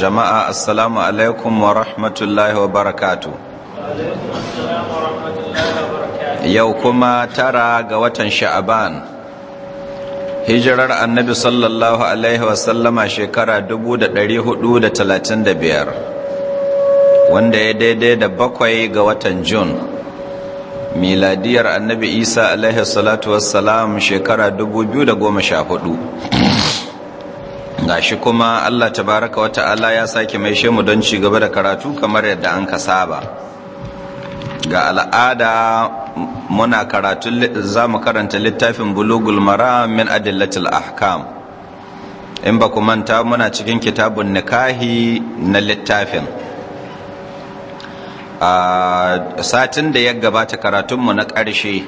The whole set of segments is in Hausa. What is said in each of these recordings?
jama'a assalamu alaikum wa rahmatullahi wa barakatu yau kuma tara ga watan sha'aban hijirar annabi sallallahu alaihi wasallama shekara 435 wanda ya daidai da bakwai ga watan jun miladiyar annabi isa alaihi salatu wassalam shekara 2014 gashi kuma Allah Ta baraka wata Allah ya sake mai shemu don ci gaba da karatu kamar yadda an ka saba ga al'ada muna karatu za mu karanta littafin bulugul mara min adillatul ahkam in ba ku manta muna cikin kitabun nikahi na littafin a satin da ya gabata karatunmu na ƙarshe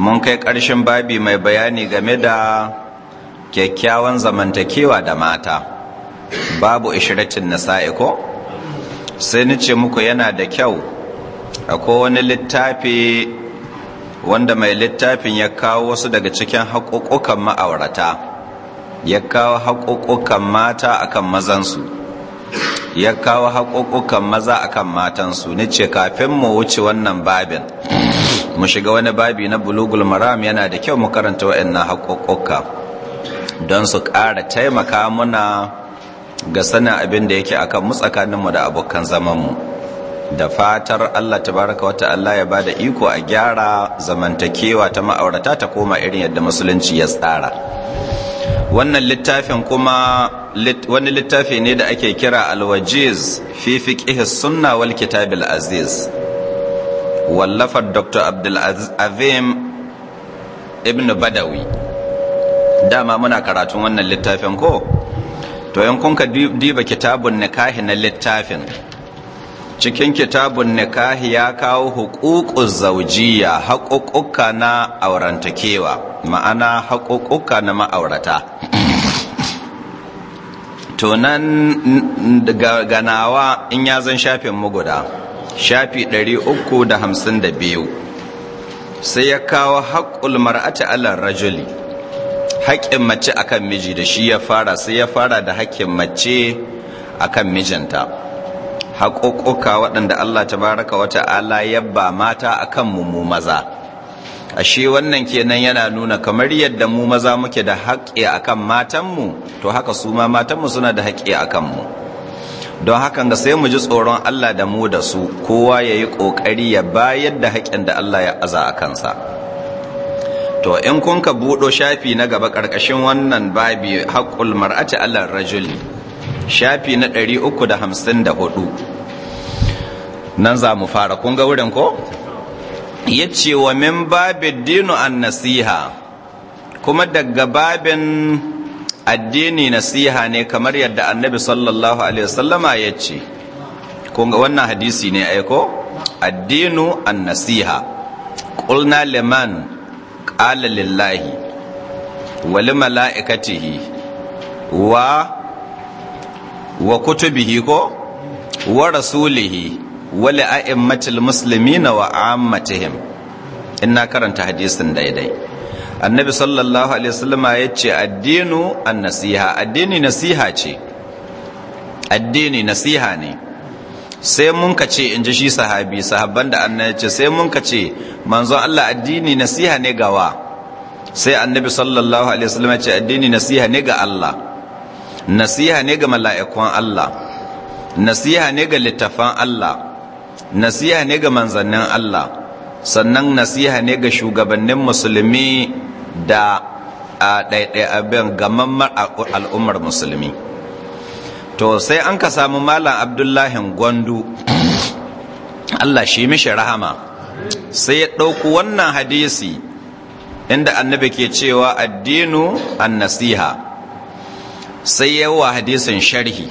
mun kai ƙarshen babi mai bayani game da kyakkyawan zamantakewa da mata babu ishiratin na sa'iko? sai ni ce muku yana da kyau akwai wani littafi wanda mai littafin ya kawo wasu daga cikin haƙoƙokan ma'aurata ya kawo haƙoƙokan mata akan mazansu ya kawo haƙoƙokan maza akan matansu ni ce kafin mu wuce wannan babin mu shiga wani babi na bulugul maram yana da kyau mu karanta waɗannan haƙoƙoka don su ƙara taimaka muna ga sanin abin da yake akan mu tsakaninmu da abokan zamanmu da fatar Allah tabaraka wata Allah ya bada iko a gyara zamantakewa ta ma'aurata ta koma irin yadda musulunci ya tsara wannan littafin kuma wani littafi ne da ake kira alwajiz fi fiqh sunna wal kitabil aziz wallafar dr abdul azim ibn badawi dama muna karatun wannan littafin ko to in kun ka diba kitabun nikahi na littafin cikin kitabun nikahi ya kawo hukukun zaujiya haƙuƙuka na aurantakewa ma'ana haƙuƙuka na ma'aurata To ga ganawa in ya zan shafin muguda shafi 352 sai ya kawo haƙƙul mar'ata alar rajuli haƙƙin mace akan miji da shi ya fara sai ya fara da haƙƙin mace akan mijinta Haƙoƙoƙa waɗanda Allah ta baraka wata ala yabba mata akan mu mu maza ashe wannan kenan yana nuna kamar yadda mu maza muke da haƙƙi akan matanmu to haka su ma matanmu suna da haƙƙi akan mu don hakan ga sai mu ji tsoron Allah da mu da su kowa ya yi ƙoƙari ya bayar da haƙƙin da Allah ya aza a kansa to in kun ka buɗo shafi na gaba ƙarƙashin wannan babi haƙƙul mar'ati alal rajuli shafi na 354 nan za mu fara kun ga wurin ko ya ce wa min babin dinu an nasiha kuma daga babin addini nasiha ne kamar yadda annabi sallallahu alaihi wasallama ya ce wannan hadisi ne aiko addinu an nasiha ƙulna liman qala lillahi mala'ikatihi wa wa kutubihi ko wa rasulihi wa a'immatil muslimina wa ammatihim ina karanta hadisin daidai annabi sallallahu alaihi wasallama yace addinu an-nasiha addini nasiha ce addini nasiha ne sai mun ka ce in ji shi sahabi sahabban da annabi ce sai mun ka ce manzon Allah addini nasiha ne gawa sai annabi sallallahu alaihi wasallam ya ce addini nasiha ne ga Allah nasiha ne ga mala'ikun Allah nasiha ne ga littafan Allah nasiha ne ga manzannin Allah sannan nasiha ne ga shugabannin musulmi da a ɗaiɗai abin gamammar al'ummar musulmi to sai an ka samu malam Abdullahi gwandu allah shi mishi rahama sai ya ɗauku wannan hadisi inda annabi ke cewa addinu an nasiha sai ya yawa hadisin sharhi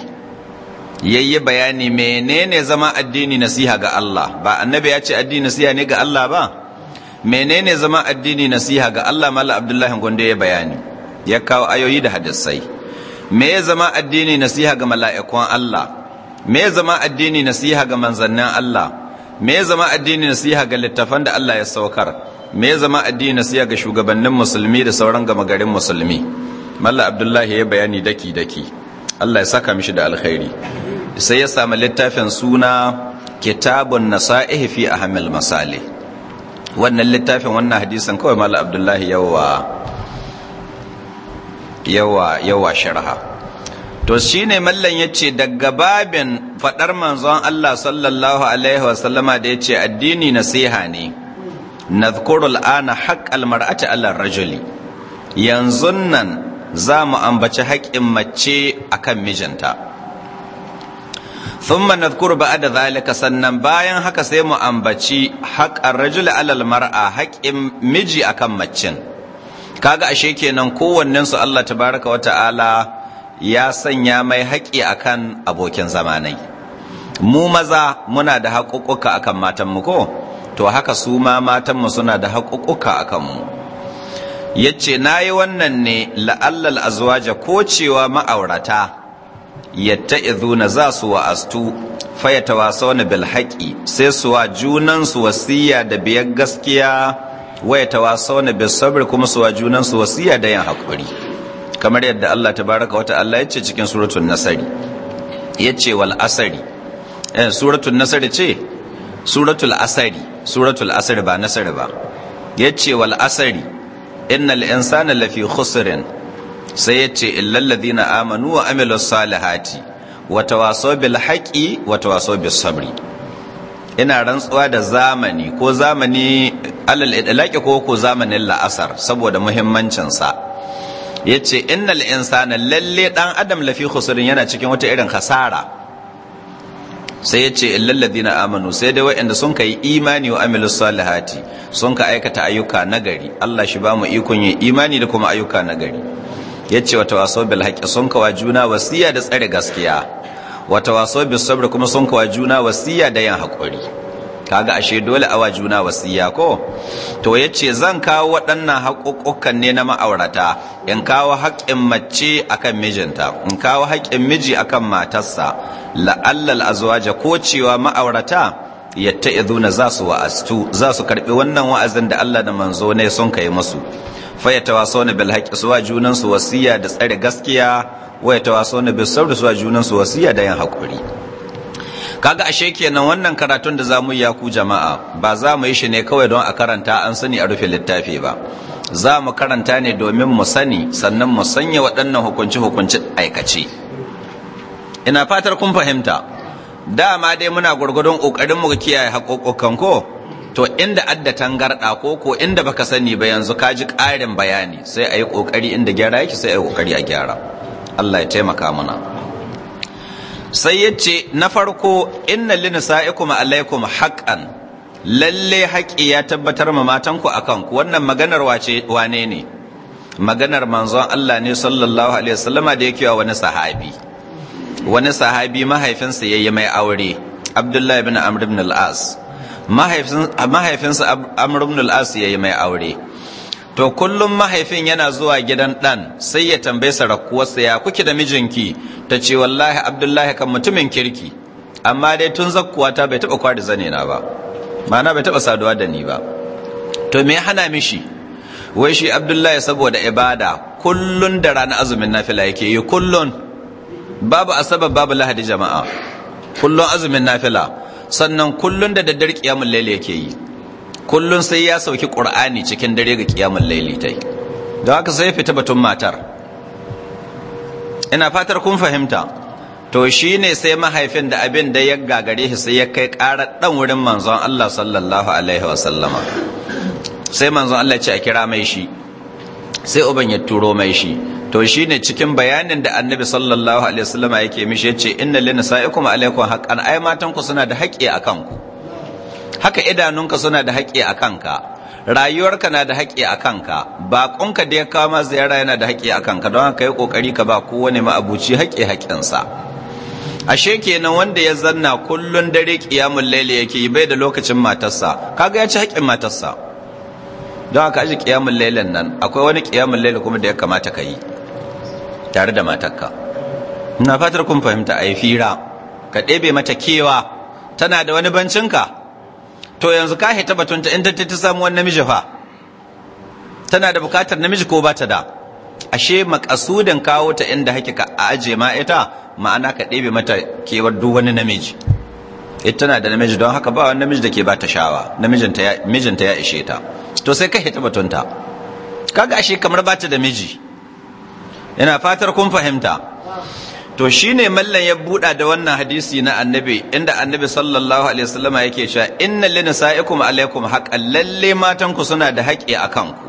yayi bayani menene zama addini nasiha ga Allah ba annabi ya ce addini nasiha ne ga Allah ba menene zama addini nasiha ga Allah mala abdullahi gwandu ya bayani ya kawo ayoyi da hadisai me ya zama addini nasiha ga mala'ikun Allah me ya zama addini nasiha ga manzannin Allah me ya zama addini nasiha ga littafan da Allah ya saukar me ya zama addini nasiha ga shugabannin musulmi da sauran gama garin musulmi malla abdullahi ya bayani daki daki Allah ya saka mishi da alkhairi sai ya samu littafin suna kitabun nasa'ihi fi ahmil masali wannan littafin wannan hadisan kawai malla abdullahi yawa yawa yawa sharha to shine mallan yace daga babin fadar manzon Allah sallallahu alaihi wasallama da yace addini nasiha ne nadhkuru al'ana haqq almar'ati 'ala rajuli yanzu nan za mu ambaci haƙƙin mace akan mijinta thumma nadhkuru ba'da zalika sannan bayan haka sai mu ambaci haqqar rajuli alalmara almar'a haƙƙin miji akan macin kaga ashe kenan kowannen su Allah tabaraka wa ta'ala ya sanya mai haƙi akan abokin zamanai mu maza muna da haƙuƙuka akan matan mu ko to haka su ma matan mu suna da haƙuƙuka akan mu yace nayi wannan ne la'allal azwaja ko cewa ma'aurata Yatta izuna za su wa'astu fayatawasawna bil haqi sai su wa junan su wasiya da biyar gaskiya waya tawasawna bis sabr kuma su junansu su wasiya da yin hakuri kamar yadda Allah baraka wata Allah yace cikin suratul nasari yace wal asari eh suratul nasari ce suratul asari suratul asari ba nasari ba yace wal asari innal insana lafi khusrin sai yace illal ladina amanu wa amilus salihati wa tawasaw bil haqqi wa tawasaw bis sabri ina rantsuwa da zamani ko zamani alal idlaqi ko ko zamanin la'asar saboda muhimmancin sa yace innal insana lalle dan adam lafi khusrin yana cikin wata irin khasara sai yace illal ladina amanu sai dai waɗanda sun kai imani wa amilus salihati sun ka aikata ayyuka nagari Allah shi ba mu ikon yin imani da kuma ayyuka nagari yace wa tawasaw bil haqqi sun kawa juna wasiya da tsare gaskiya wata waso bis kuma sun kawa juna wasiya da yin hakuri kaga ashe dole a wa juna wasiya ko to yace zan kawo waɗannan haƙuƙukan ne na ma'aurata in kawo haƙƙin mace akan mijinta in kawo haƙƙin miji akan matarsa la'allal azwaja ko cewa ma'aurata yatta'izuna za su wa'astu za su karbi wannan wa'azin da Allah da manzo ne sun kai musu fa yatawasawna bil haqqi suwa junan su wasiya da tsare gaskiya waya waso na bisar da su junan su wasiya da yin hakuri kaga ashe kenan wannan karatun da zamu yi ku jama'a ba za mu yi shi ne kawai don a karanta an sani a rufe littafi ba za mu karanta ne domin mu sani sannan mu sanya waɗannan hukunci-hukunci aikace ina fatar kun fahimta dama dai muna gwargwadon kokarin mu kiyaye hakokokan ko to inda adda tangarda ko ko inda baka sani ba yanzu ka ji ƙarin bayani sai a yi ƙoƙari inda gyara yake sai a yi a gyara Allah ya taimaka mana sai ya ce na farko inna linisa'ikum alaikum haqqan lalle haƙƙi ya tabbatar ma matanku a kanku. wannan maganar wace wane ne maganar manzon Allah ne sallallahu alaihi wasallama da yake wa wani sahabi wani sahabi mahaifinsa ya yi mai aure Abdullahi bin Amr ibn al-As mahaifinsa Amr ibn al-As yi mai aure to kullum mahaifin yana zuwa gidan ɗan sai ya tambaye sarakuwarsa ya kuke da mijinki ta ce wallahi abdullahi kan mutumin kirki amma dai tun ta bai taɓa kwari zane na ba mana bai taɓa saduwa da ni ba to me hana mishi wai shi abdullahi saboda ibada kullun da rana azumin nafila yake yi kullun babu asabar babu lahadi jama'a kullun azumin nafila sannan kullun da daddar kiyamun laila yake yi kullun sai ya sauki ƙur'ani cikin dare ga ƙiyamun lailitai Da haka sai fita batun matar ina fatar kun fahimta to shi ne sai mahaifin da abin da ya gagare shi sai ya kai ƙara ɗan wurin manzon Allah sallallahu alaihi wasallama sai manzon Allah ce a kira mai shi sai uban ya turo mai shi to shi ne cikin bayanin da annabi sallallahu alaihi wasallama yake mishi ce, inna lina sa'ikum alaikum haƙƙan ai matanku, suna da haƙƙi a kanku. haka idanunka suna da haƙƙi a kanka rayuwarka na da haƙƙi a kanka baƙonka da ya kama ziyara yana da haƙƙi a kanka don haka yi ƙoƙari ka ba kowane ma'abuci haƙƙi haƙƙinsa ashe kenan wanda ya zanna kullum dare ƙiyamun laili yake yi bai da lokacin matarsa kaga ya ci haƙƙin matarsa don haka aji ƙiyamun lailin nan akwai wani ƙiyamun laili kuma da ya kamata ka yi tare da matarka ina fatar kun fahimta a yi fira ka ɗebe mata kewa tana da wani bancinka to yanzu ka hita batunta in ta ta samu wani namiji fa tana da bukatar namiji ko bata da ashe makasudin kawo ta inda hake a aje ma ita ma'ana ka ɗebe mata kewar duk wani namiji ita tana da namiji don haka ba wani namiji da ke ta shawa ta ya ishe ta to sai ka hita batunta kaga ashe kamar bata da miji ina fatar kun fahimta to shine mallan ya buɗa da wannan hadisi na annabi inda annabi sallallahu alaihi wasallama yake cewa inna lin sa'ikum alaikum haqqan lalle matan ku suna da haƙƙi akan ku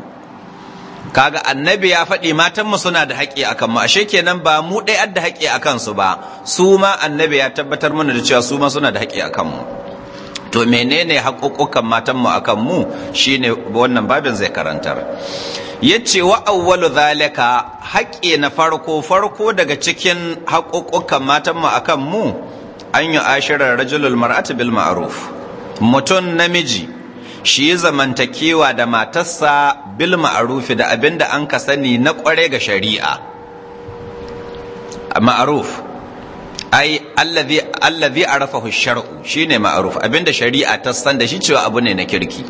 kaga annabi ya faɗi matan mu suna da haƙƙi akan mu ashe kenan ba mu ɗaya da haƙƙi akan su ba su ma annabi ya tabbatar mana da cewa su ma suna da haƙƙi akan mu to menene haƙoƙokan matan mu akan mu shine wannan babin zai karantar yace wa awwalu zalika haƙƙi na farko farko daga cikin haƙoƙokan matanmu a kan mu an yi ashirar rajulul mar'atu bil ma'ruf Mutun namiji shi zamantakewa da matarsa bil ma'ruf da abinda an ka sani na ƙware ga shari'a ma'ruf ai allazi allazi arafahu shar'u shine ma'ruf abinda shari'a ta san da shi cewa abu ne na kirki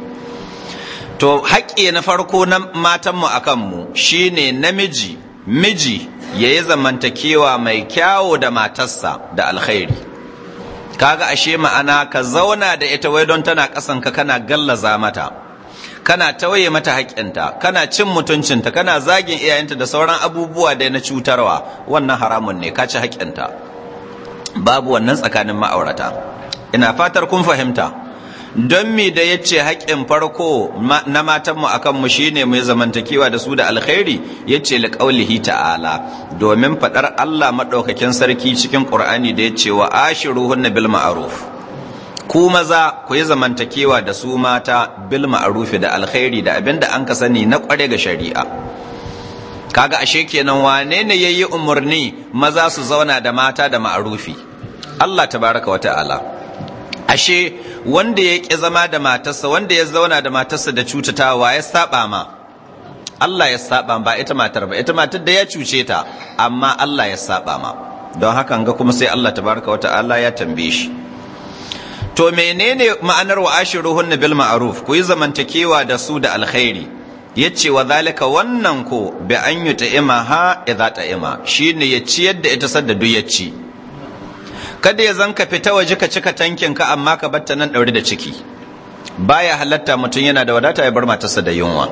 to haƙƙi na farko na matanmu a kanmu shine namiji miji ya yi zamantakewa mai kyawo da matarsa da alkhairi kaga ashe ma'ana ka zauna da ita wai don tana ka kana gallaza mata kana tawaye mata haƙƙinta kana cin mutuncinta kana zagin iyayenta da sauran abubuwa da na cutarwa wannan haramun ne ka ci haƙƙinta babu wannan tsakanin ma'aurata ina fatar kun fahimta don mi da ya ce haƙƙin farko na matanmu a kanmu shi ne mai zamantakewa da su da alkhairi ya ce liƙaulihi ta'ala domin faɗar Allah maɗaukakin sarki cikin ƙur'ani da ya ce wa ashiruhunna bil ma'aruf ku maza ku yi zamantakewa da su mata bil ma'arufi da alkhairi da abin da an ka sani na kware ga shari'a kaga ashe kenan wane ne yayi umurni maza su zauna da mata da ma'arufi Allah tabaraka wa ta'ala ashe wanda ya ƙi zama da matarsa wanda ya zauna da matarsa da cutatawa ya saba ma Allah ya saba ba ita matar ba ita matar da ya cuce ta amma Allah ya saba ma don haka ga kuma sai Allah tabaraka wa ta'ala ya tambaye shi to menene ma'anar wa ashiruhun bil ma'ruf ku yi zamantakewa da su da alkhairi Ya ce wa zalika wannan ko bi an yi ima ha ima. Shi ne ya ci yadda ita sadda duk ya ci kada ya zanka fita waje ka cika tankin ka amma ka batta nan ɗauri da ciki baya halatta mutum yana da wadata ya bar matarsa da yunwa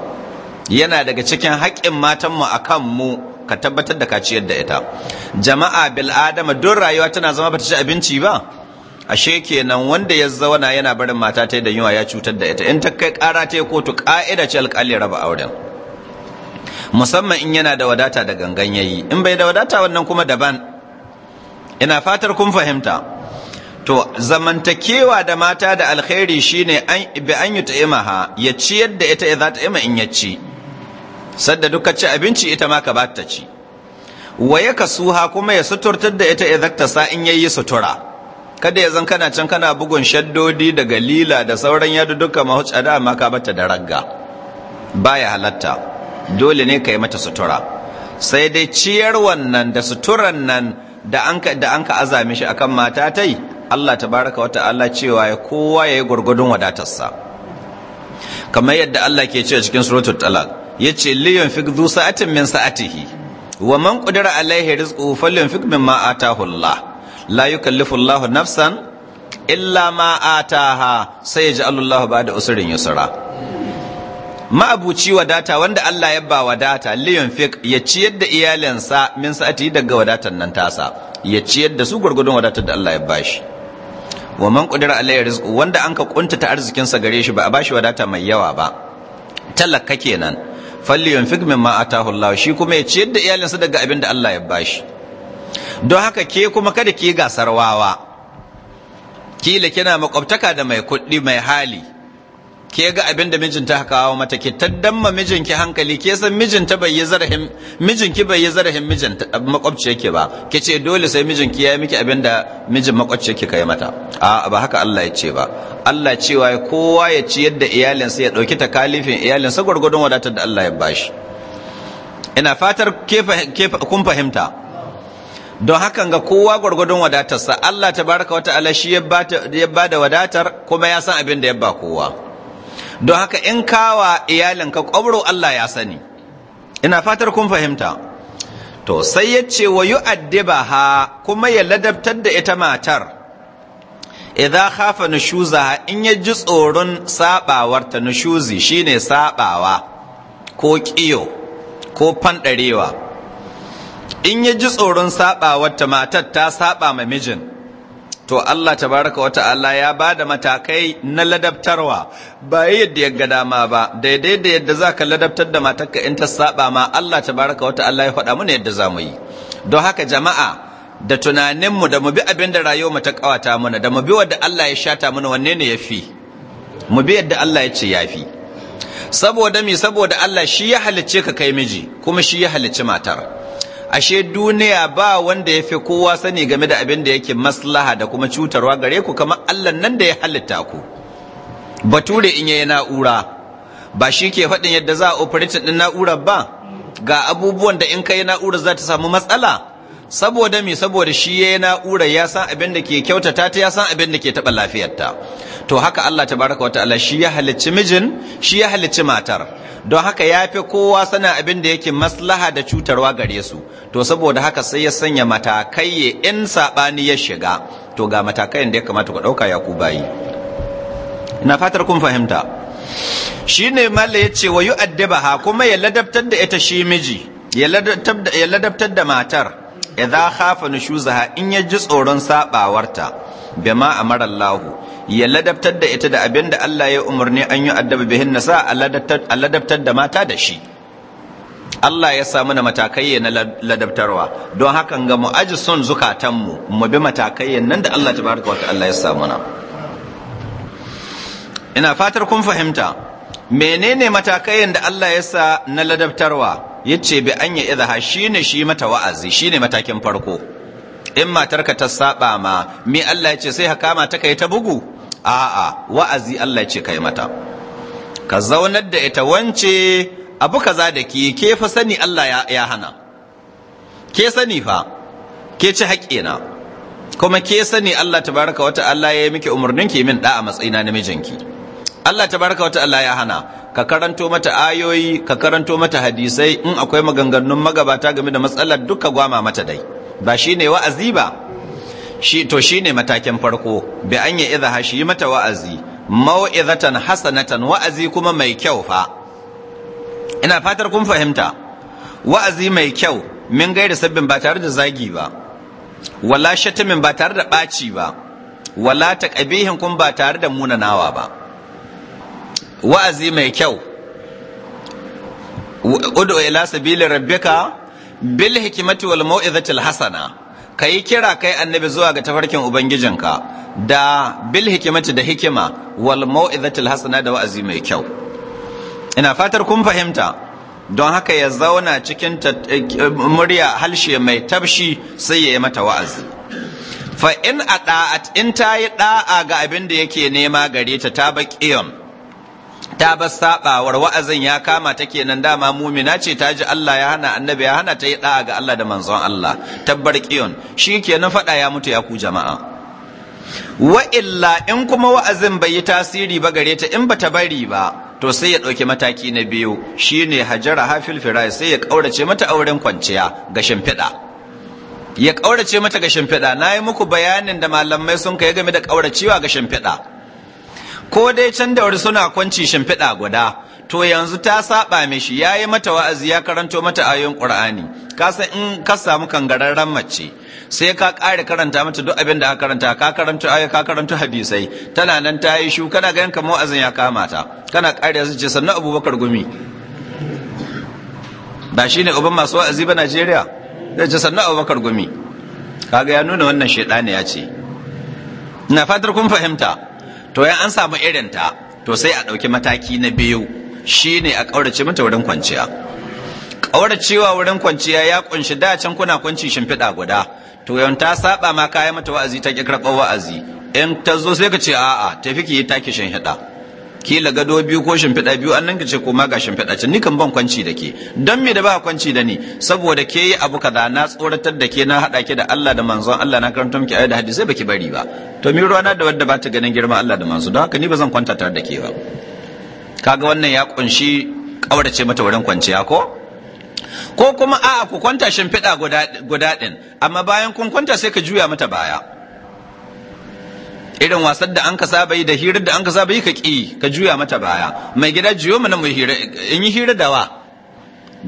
yana daga cikin haƙƙin matanmu a kan mu ka tabbatar da ka ciyar da ita jama'a bil adama don rayuwa tana zama bata ci abinci ba ashe kenan wanda ya zauna yana barin mata ta da yunwa ya cutar da ita in ta kai kara ta kotu ka'ida ce alƙali raba auren musamman in yana da wadata da gangan yayi in bai da wadata wannan kuma daban ina fatar kun fahimta to zamantakewa da mata da alkhairi shine an bi an yi ta'imaha ya ciyar da ita za ta ima in ya ci sadda duka ci abinci ita ma ka ba ta ci wa ya kasuha kuma ya suturtar da ita idan ta sa in yayi sutura kada ya zan kana can kana bugun shaddodi da galila da sauran yadu duka a amma ka bata da ragga baya halatta dole ne ka yi mata sutura sai dai ciyar wannan da suturan nan da an ka azame shi akan mata tai Allah baraka wata ta'ala cewa ya kowa ya yi gwargwadon wadatarsa kamar yadda Allah ke cewa cikin suratul talaq ce, liyan fi sa'atin min sa'atihi wa man qadara alaihi rizquhu falyunfiq mimma atahu Allah la yukallifu Allahu nafsan illa ma ataha sai ya ji Allah ba da usurin yusra ma'abuci wadata wanda Allah ya ba wadata liyan fiq ya ciyar da iyalinsa min sa'ati daga wadatan nan tasa ya ciyar da su gwargwadon wadata da Allah ya bashi wa man qadira alayhi rizqu wanda anka kuntata arzikin sa gare shi ba a bashi wadata mai yawa ba talaka kenan falliyan fiq mimma atahu Allah shi kuma ya ciyar da iyalinsa daga abinda Allah ya bashi don haka ke kuma kada ki gasar wawa kila kina makwabtaka da mai kuɗi mai hali ke ga abin da mijinta haka kawo mata ke taddan mijinki hankali ke san mijinta bai yi zarafin mijinki bai yi zarafin mijinta makwabci yake ba ke ce dole sai mijinki ya yi miki abin da mijin makwabci yake kai mata a ba haka Allah ya ce ba Allah cewa kowa ya ci yadda sa ya ɗauki takalifin sa gwargwadon wadatar da Allah ya bashi ina fatar kun fahimta don hakan ga kowa gwargwadon wadatarsa Allah ta wata wata shi ya ba da wadatar kuma ya san abin da ya ba kowa don haka in kawa iyalinka kwabro Allah ya sani ina fatar kun fahimta to sai ya ce wa ha kuma ya ladabtar da ita matar idza khafa ha in ya ji tsoron sabawarta nushuzi shine sabawa ko kiyo ko fanɗarewa. in ya ji tsoron saba wata matar ta saɓa ma mijin to Allah tabaraka wa ta'ala ya ba da matakai na ladabtarwa ba yadda ya ga dama ba daidai da yadda za ka ladabtar da ka in ta saba ma Allah tabaraka wa ta'ala ya faɗa mana yadda za mu yi don haka jama'a da tunaninmu da mu bi abin da rayuwa ta kawata mana da mu bi wadda Allah ya shata mana wanne ne ya fi mu bi yadda Allah ya ce ya fi saboda mi saboda Allah shi ya halicce ka kai miji kuma shi ya halicci matar ashe duniya ba wanda ya fi kowa sani game da abin da yake maslaha da kuma cutarwa gare ku kamar Allah nan da ya halitta ku bature in yayi na'ura ba shi ke faɗin yadda za a operate ɗin na'urar ba ga abubuwan da in kai na'urar za ta samu matsala saboda me saboda shi ya yi na'urar ya san abin da ke kyautata ta ya san abin da ke taɓa lafiyarta to haka Allah ta baraka wata Allah shi ya halicci mijin shi ya halicci matar don haka ya fi kowa sana abin da yake maslaha da cutarwa gare su to saboda haka sai ya sanya matakai in saɓani ya shiga to ga matakai da ya kamata ku ɗauka ya ku bayi ina fatar kun fahimta Shi ne malla ya ce wa ha kuma ya ladabtar da ita shi miji ya ladabtar da matar idza khafa nushuzaha in ya ji tsoron sabawarta bima amara Allah ya ladabtar da ita da abin da Allah ya umarni an yi addabi bihin nasa a ladabtar da mata da shi Allah ya sa na matakai na ladabtarwa don hakan ga mu aji son zukatanmu mu bi matakai nan da Allah tabaraka wa ta'ala ya sa na. ina fatar kun fahimta menene matakai da Allah ya sa na ladabtarwa yace bi anya idha shine shi mata wa'azi shine matakin farko in matarka ta saba ma me Allah yace ce sai ka ta kai ta bugu a'a wa'azi Allah ya kai mata ka zaunar da ita wance abu kaza da ke ke fa sani Allah ya hana ke sani fa ke ci haƙƙina kuma ke sani Allah tabaraka wata Allah ya yi miki umarnin ki min da a matsayina namijinki Allah tabaraka wata Allah ya hana ka karanto mata ayoyi ka karanto mata hadisai in akwai maganganun magabata game da matsalar duka gwama mata dai ba shi ne wa'azi ba shi to shi ne matakin farko bi an yi idha shi mata wa'azi mau'izatan hasanatan wa'azi kuma mai kyau fa ina fatar kun fahimta wa'azi mai kyau min gaira sabbin ba tare da zagi ba wala shatamin ba tare da ɓaci ba wala taqabihin kun ba tare da munanawa ba wa'azi mai kyau udu ila sabili rabbika bil hikimati wal mau'izatil hasana kayi kira kai annabi zuwa ga tafarkin ubangijinka da bil hikimati da hikima wal mau'izatil hasana da wa'azi mai kyau ina fatar kun fahimta don haka ya zauna cikin eh, murya halshe mai tabshi sai ya yi mata wa'azi fa in a da'at in ta yi da'a ga abin da yake nema gare ta ta baqiyam ta bar sabawar wa'azin ya kama ta kenan dama mumina ce ta ji Allah ya hana annabi ya hana ta yi da'a ga Allah da manzon Allah tabbar kiyon shi kenan faɗa ya mutu ya ku jama'a wa illa in kuma wa'azin bai yi tasiri ba gare ta in ba ta bari ba to sai ya ɗauki mataki na biyu shine hajara hafil firai sai ya ƙaurace mata auren kwanciya ga shimfiɗa ya ƙaurace mata ga shimfiɗa na yi muku bayanin da malamai sun kai game da ƙauracewa ga shimfiɗa ko dai can da wuri suna kwanci shimfiɗa guda to yanzu ta saba mishi ya yi mata wa'azi ya karanto mata ayoyin ƙur'ani ka san in ka samu kangararren mace sai ka ƙare karanta mata duk abin da ka karanta ka karanto ayoyi ka karanto hadisai tana nan ta yi shu kana ganin kamar wa'azin ya kama ta kana ƙare su ce sannan abubakar gumi ba shi ne uban masu wa'azi ba najeriya zai ce sannan abubakar gumi kaga ya nuna wannan shaidani ya ce na fatar kun fahimta to ya an samu irin ta to sai a ɗauki mataki na biyu shine a ƙaurace mata wurin kwanciya ƙauracewa wurin kwanciya ya ƙunshi, da can kuna kwanci shimfiɗa guda to yan ta saba ma kayan mata wa'azi ta ƙi karɓar wa'azi in ta zo sai ka ce a'a tafi ki yi taki shimfiɗa kila gado biyu ko shimfiɗa biyu an nan ce ko ma ga shimfiɗa ce ni kan ban kwanci da ke dan me da ba kwanci da ni saboda ke yi abu kaza na tsoratar da ke na haɗa ke da Allah da manzon Allah na karanta miki ayi da hadisi baki bari ba to mi ruwana da wadda ba ta ganin girma Allah da manzo don haka ni ba zan kwanta tare da ke ba kaga wannan ya kunshi kaurace mata wurin kwanciya ko ko kuma a ku kwanta shimfiɗa guda din amma bayan kun kwanta sai ka juya mata baya irin wasan da an ka saba yi da hirar da an ka saba yi ka ki ka juya mata baya mai gida jiyo mana mu hira in yi hira da wa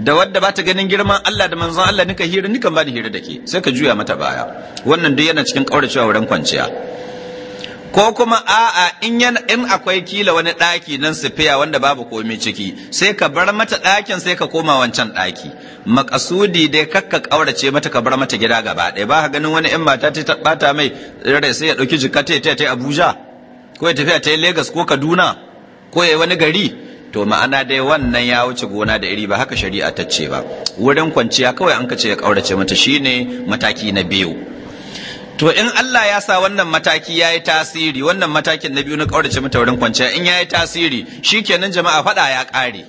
da wadda ba ta ganin girman Allah da manzon Allah nika hira nika ba ni hira da ke sai ka juya mata baya wannan duk yana cikin kauracewa wurin kwanciya ko kuma a'a in in akwai kila wani ɗaki nan sifiya wanda babu komai ciki sai ka bar mata ɗakin sai ka koma wancan ɗaki makasudi dai kakka kaurace mata ka bar mata gida gaba ɗaya ba ganin wani 'yan mata ta bata mai rare sai ya ɗauki jikka ta ta abuja ko ya tafiya ta Lagos Legas ko kaduna ko ya wani gari to ma'ana dai wannan ya wuce gona da iri ba haka shari'a ta ce ba wurin kwanciya kawai an ka ce ya kaurace mata shine mataki na biyu to in Allah ya sa wannan mataki ya yi tasiri wannan matakin na biyu na kaurace mata wurin kwanciya in ya yi tasiri shi kenan jama'a fada ya ƙare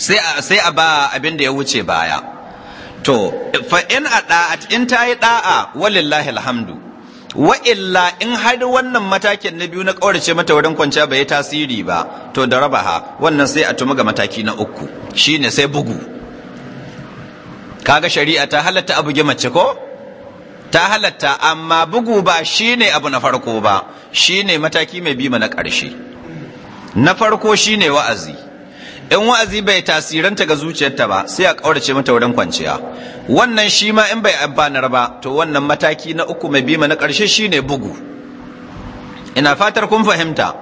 sai a ba abin da ya wuce baya to fa in a da'at in ta yi da'a walillahi alhamdu wa illa in har wannan matakin na biyu na kaurace mata wurin kwanciya bai yi tasiri ba to da rabaha wannan sai a tuma ga mataki na uku shine sai bugu kaga shari'a ta halatta a buge mace ko ta halatta amma bugu ba shine abu na farko ba shine mataki mai bima na ƙarshe na farko shine wa'azi in wa'azi bai tasiranta ga zuciyarta ba sai a ƙaurace mata wurin kwanciya wannan shi ma in bai abbanar ba to wannan mataki na uku mai bima na ƙarshe shine bugu ina fatar kun fahimta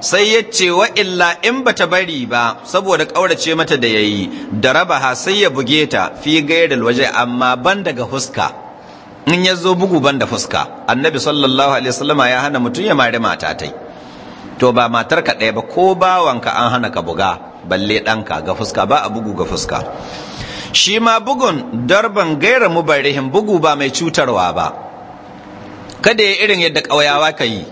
sai ya ce wa illa in bata bari ba saboda ƙaurace mata da ya yi, da rabaha sai ya buge ta fi gairil waje amma ban daga huska in ya zo bugu ban fuska annabi sallallahu alaihi wasallama ya hana mutum ya mari mata tai to ba matar ka ɗaya ba ko bawanka an hana ka buga balle ɗanka ga fuska ba a bugu ga fuska shi ma bugun darban gaira mubarihin bugu ba mai cutarwa ba kada ya irin yadda ƙauyawa ka yi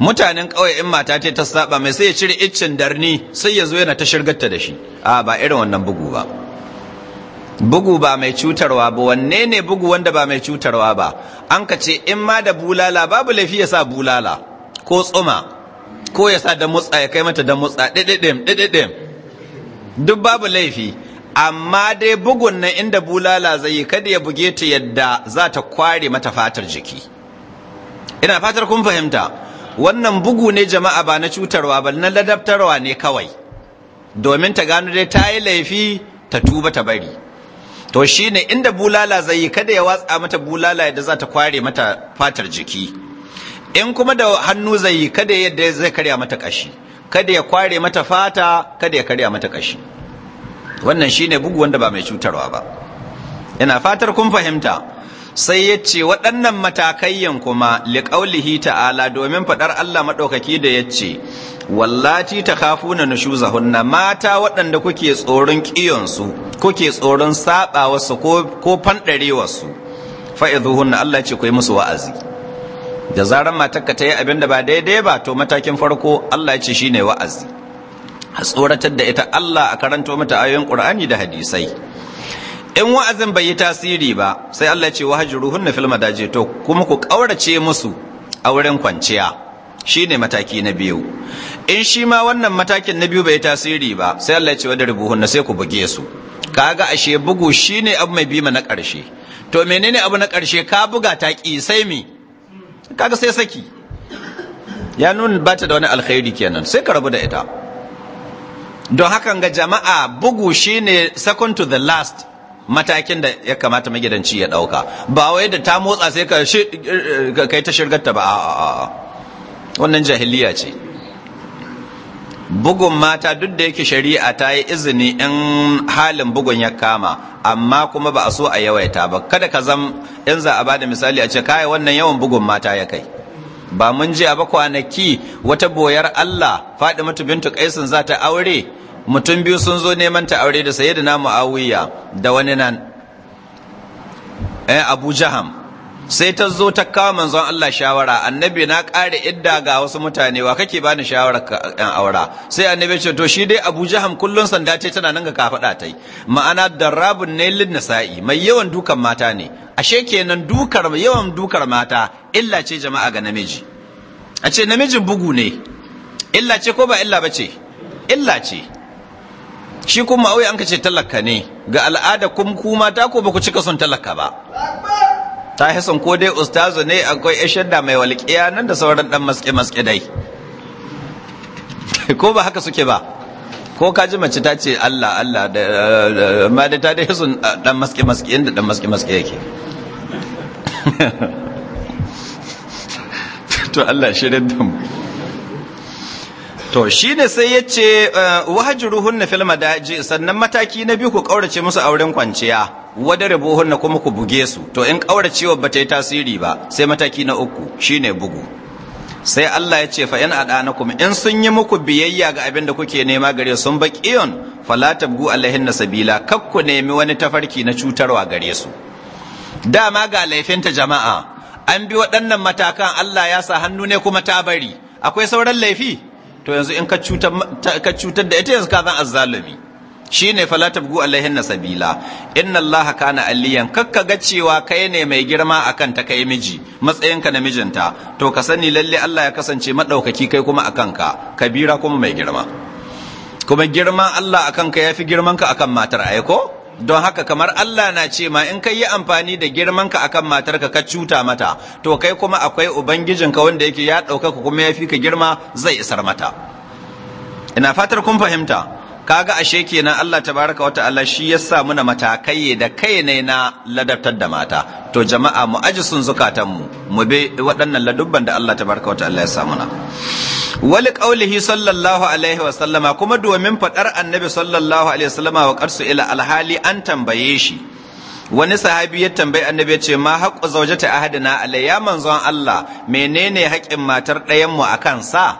mutanen ƙauye in mata ce ta saba mai sai ya cire iccin darni sai ya zo yana ta shirgarta da shi a ba irin wannan bugu ba bugu ba mai cutarwa ba wanne ne bugu wanda ba mai cutarwa ba an ka ce in ma da bulala babu laifi ya sa bulala ko tsuma ko ya sa da mutsa ya kai mata da mutsa ɗiɗiɗim ɗiɗiɗim duk babu laifi amma dai bugun na inda bulala zai yi kada ya buge ta yadda za ta kware mata fatar jiki ina fatar kun fahimta wannan bugu ne jama'a ba na cutarwa ba na ladabtarwa ne kawai domin ta gano dai ta yi laifi ta tuba ta bari to shine inda bulala zai yi kada ya watsa mata bulala yadda za ta kware mata fatar jiki in kuma da hannu zai yi kada yadda zai karya mata kashi kada ya kware mata fata kada ya karya mata kashi wannan shine bugu wanda ba mai cutarwa ba Ina fatar kun fahimta sai ya ce waɗannan matakayyan kuma liƙaulihi ta'ala domin faɗar Allah maɗaukaki da ya ce wallaci ta kafu na zahunna mata waɗanda kuke tsoron ƙiyonsu kuke tsoron saɓa wasu ko fanɗare wasu fa'izuhunna Allah ce ku yi musu wa'azi da zarar matarka ta yi abin da ba daidai ba to matakin farko Allah ce shi ne wa'azi a tsoratar da ita Allah a karanto mata ayoyin ƙur'ani da hadisai in wa'azin bai yi tasiri ba sai Allah ce wahjuruhunna fil madaji to kuma ku ƙaurace musu a wurin kwanciya shine mataki na biyu in shi ma wannan matakin na biyu bai yi tasiri ba sai Allah ce wadrubuhunna sai ku buge su kaga ashe bugu shine abu mai bima na karshe to menene abu na karshe ka buga ta ki sai Ka kaga sai saki ya nuna ba ta da wani alkhairi kenan sai ka rabu da ita don hakan ga jama'a bugu shine second to the last matakin da ya kamata magidanci ya ɗauka. ba wai da ta motsa sai ka kai ta shirgarta ba wannan jahiliya ce bugun mata duk da yake shari'a ta yi izini in halin bugun ya kama amma kuma ba a so a yawaita ba kada ka zam in za a bada misali a ce kaya wannan yawan bugun mata ya kai ba mun ji ba kwanaki wata boyar Allah Fadimatu bintu Qaisin za ta aure mutum biyu sun zo neman ta aure da da sayyidina muawiya da wani nan eh abu jaham sai ta zo ta kawo manzon Allah shawara annabi na kare idda ga wasu mutane wa kake bani shawara ka ɗan aura sai annabi ce to shi dai Abu Jaham kullun sanda ce tana nan ga kafaɗa tai ma'ana darabun ne lin nasa'i mai yawan dukan mata ne ashe kenan dukar yawan dukar mata illa ce jama'a ga namiji a ce namijin bugu ne illa ce ko ba illa bace illa ce shi kuma ma'auya an ka ce talaka ne ga al'ada kuma kuma ta ko ba ku cika son talaka ba ta yi son ko dai ustazu ne akwai da mai walƙiya nan da sauran dan maske maske dai ko ba haka suke ba ko ka ji mace ta ce Allah Allah da ma da ta dai sun dan maske maske inda dan maske maske yake to Allah shirin da mu to shine sai ya ce filma fil madaji sannan mataki na biyu ku ƙaurace musu auren kwanciya wada rubuhunna kuma ku buge su to in kauracewa ba ta yi tasiri ba sai mataki na uku shine bugu sai Allah ya ce fa in adanakum in sun yi muku biyayya ga abin da kuke nema gare sun baqiyon fala tabgu alaihin sabila kakku nemi wani tafarki na cutarwa gare su dama ga laifinta jama'a an bi waɗannan matakan Allah ya sa hannu ne kuma ta bari akwai sauran laifi to yanzu in ka cutar da ita yanzu ka zan azzalumi ne fala tabgu alaihin sabila inna allaha kana aliyan kakka ga cewa kai ne mai girma akan ta kai miji matsayinka na mijinta to ka sani lalle Allah ya kasance madaukaki kai kuma akan ka kabira kuma mai girma kuma girman Allah akan ka fi girman ka akan matar aiko don haka kamar Allah na ce ma in kai yi amfani da girmanka akan matarka ka cuta mata to kai kuma akwai ubangijinka wanda yake ya ɗaukaka kuma ya fi ka girma zai isar mata ina fatar kun fahimta kaga ashe kenan Allah tabaraka wa ta'ala shi ya sa muna matakai da kai ne na ladabtar da mata to jama'a mu aji sun zukatan mu mu bi waɗannan ladubban da Allah tabaraka wa ta'ala ya sa muna wali ƙaulihi sallallahu alaihi wa sallama kuma domin faɗar annabi sallallahu alaihi wa sallama wa ila alhali an tambaye shi wani sahabi ya tambayi annabi ce ma haqqu zawjati ahadina alayya manzon Allah menene haƙƙin matar ɗayan mu akan sa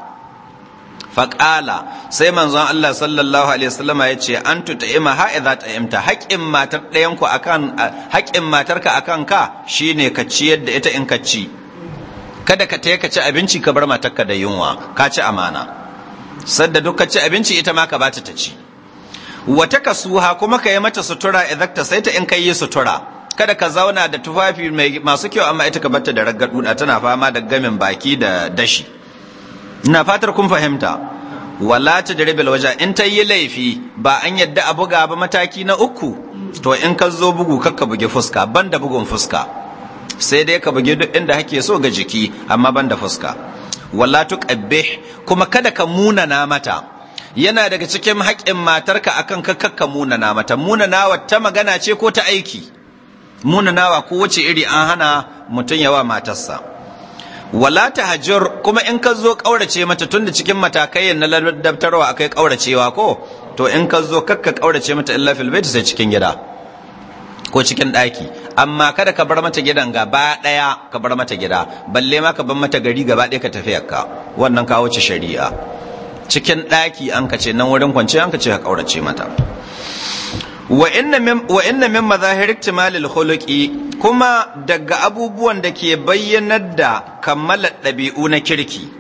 faƙala sai manzon Allah sallallahu alaihi wasallama ya ce an tuta'ima ha idza ta'imta haƙƙin matar ɗayan ku akan haƙƙin matarka akan ka shine ka ciyar da ita in ka ci kada ka taya ka ci abinci ka bar matarka da yunwa ka ci amana sadda duk ka ci abinci ita ma ka bata ta ci wata kasuha kuma ka yi mata sutura idakta sai ta in kai yi sutura kada ka zauna da tufafi mai masu kyau amma ita ka ta da raggaduda tana fama da gamin baki da dashi ina fatar kun fahimta wala ta daribil waja in ta yi laifi ba an yadda a buga ba mataki na uku to in ka zo bugu kakka buge fuska banda bugun fuska sai dai ka bugi duk inda kake so ga jiki amma banda fuska walla tuqabbih kuma kada ka munana mata yana daga cikin haƙƙin matarka akan ka kakka munana mata munanawa ta magana ce ko ta aiki munanawa ko wace iri an hana mutum yawa matarsa wala tahajjur kuma in ka zo kaurace mata tunda cikin matakai na ladabtarwa akai kauracewa ko to in ka zo kakka kaurace mata illa fil bait sai cikin gida ko cikin ɗaki amma kada ka bar mata gidan gaba daya ka bar mata gida balle ma ka bar mata gari gaba daya ka tafi ka wannan ka wuce shari'a cikin daki an ka ce nan wurin kwance an ka ce ka kaurace mata wa inna min mazahir iktimalil khuluqi kuma daga abubuwan da ke bayyanar da kammala dabi'u na kirki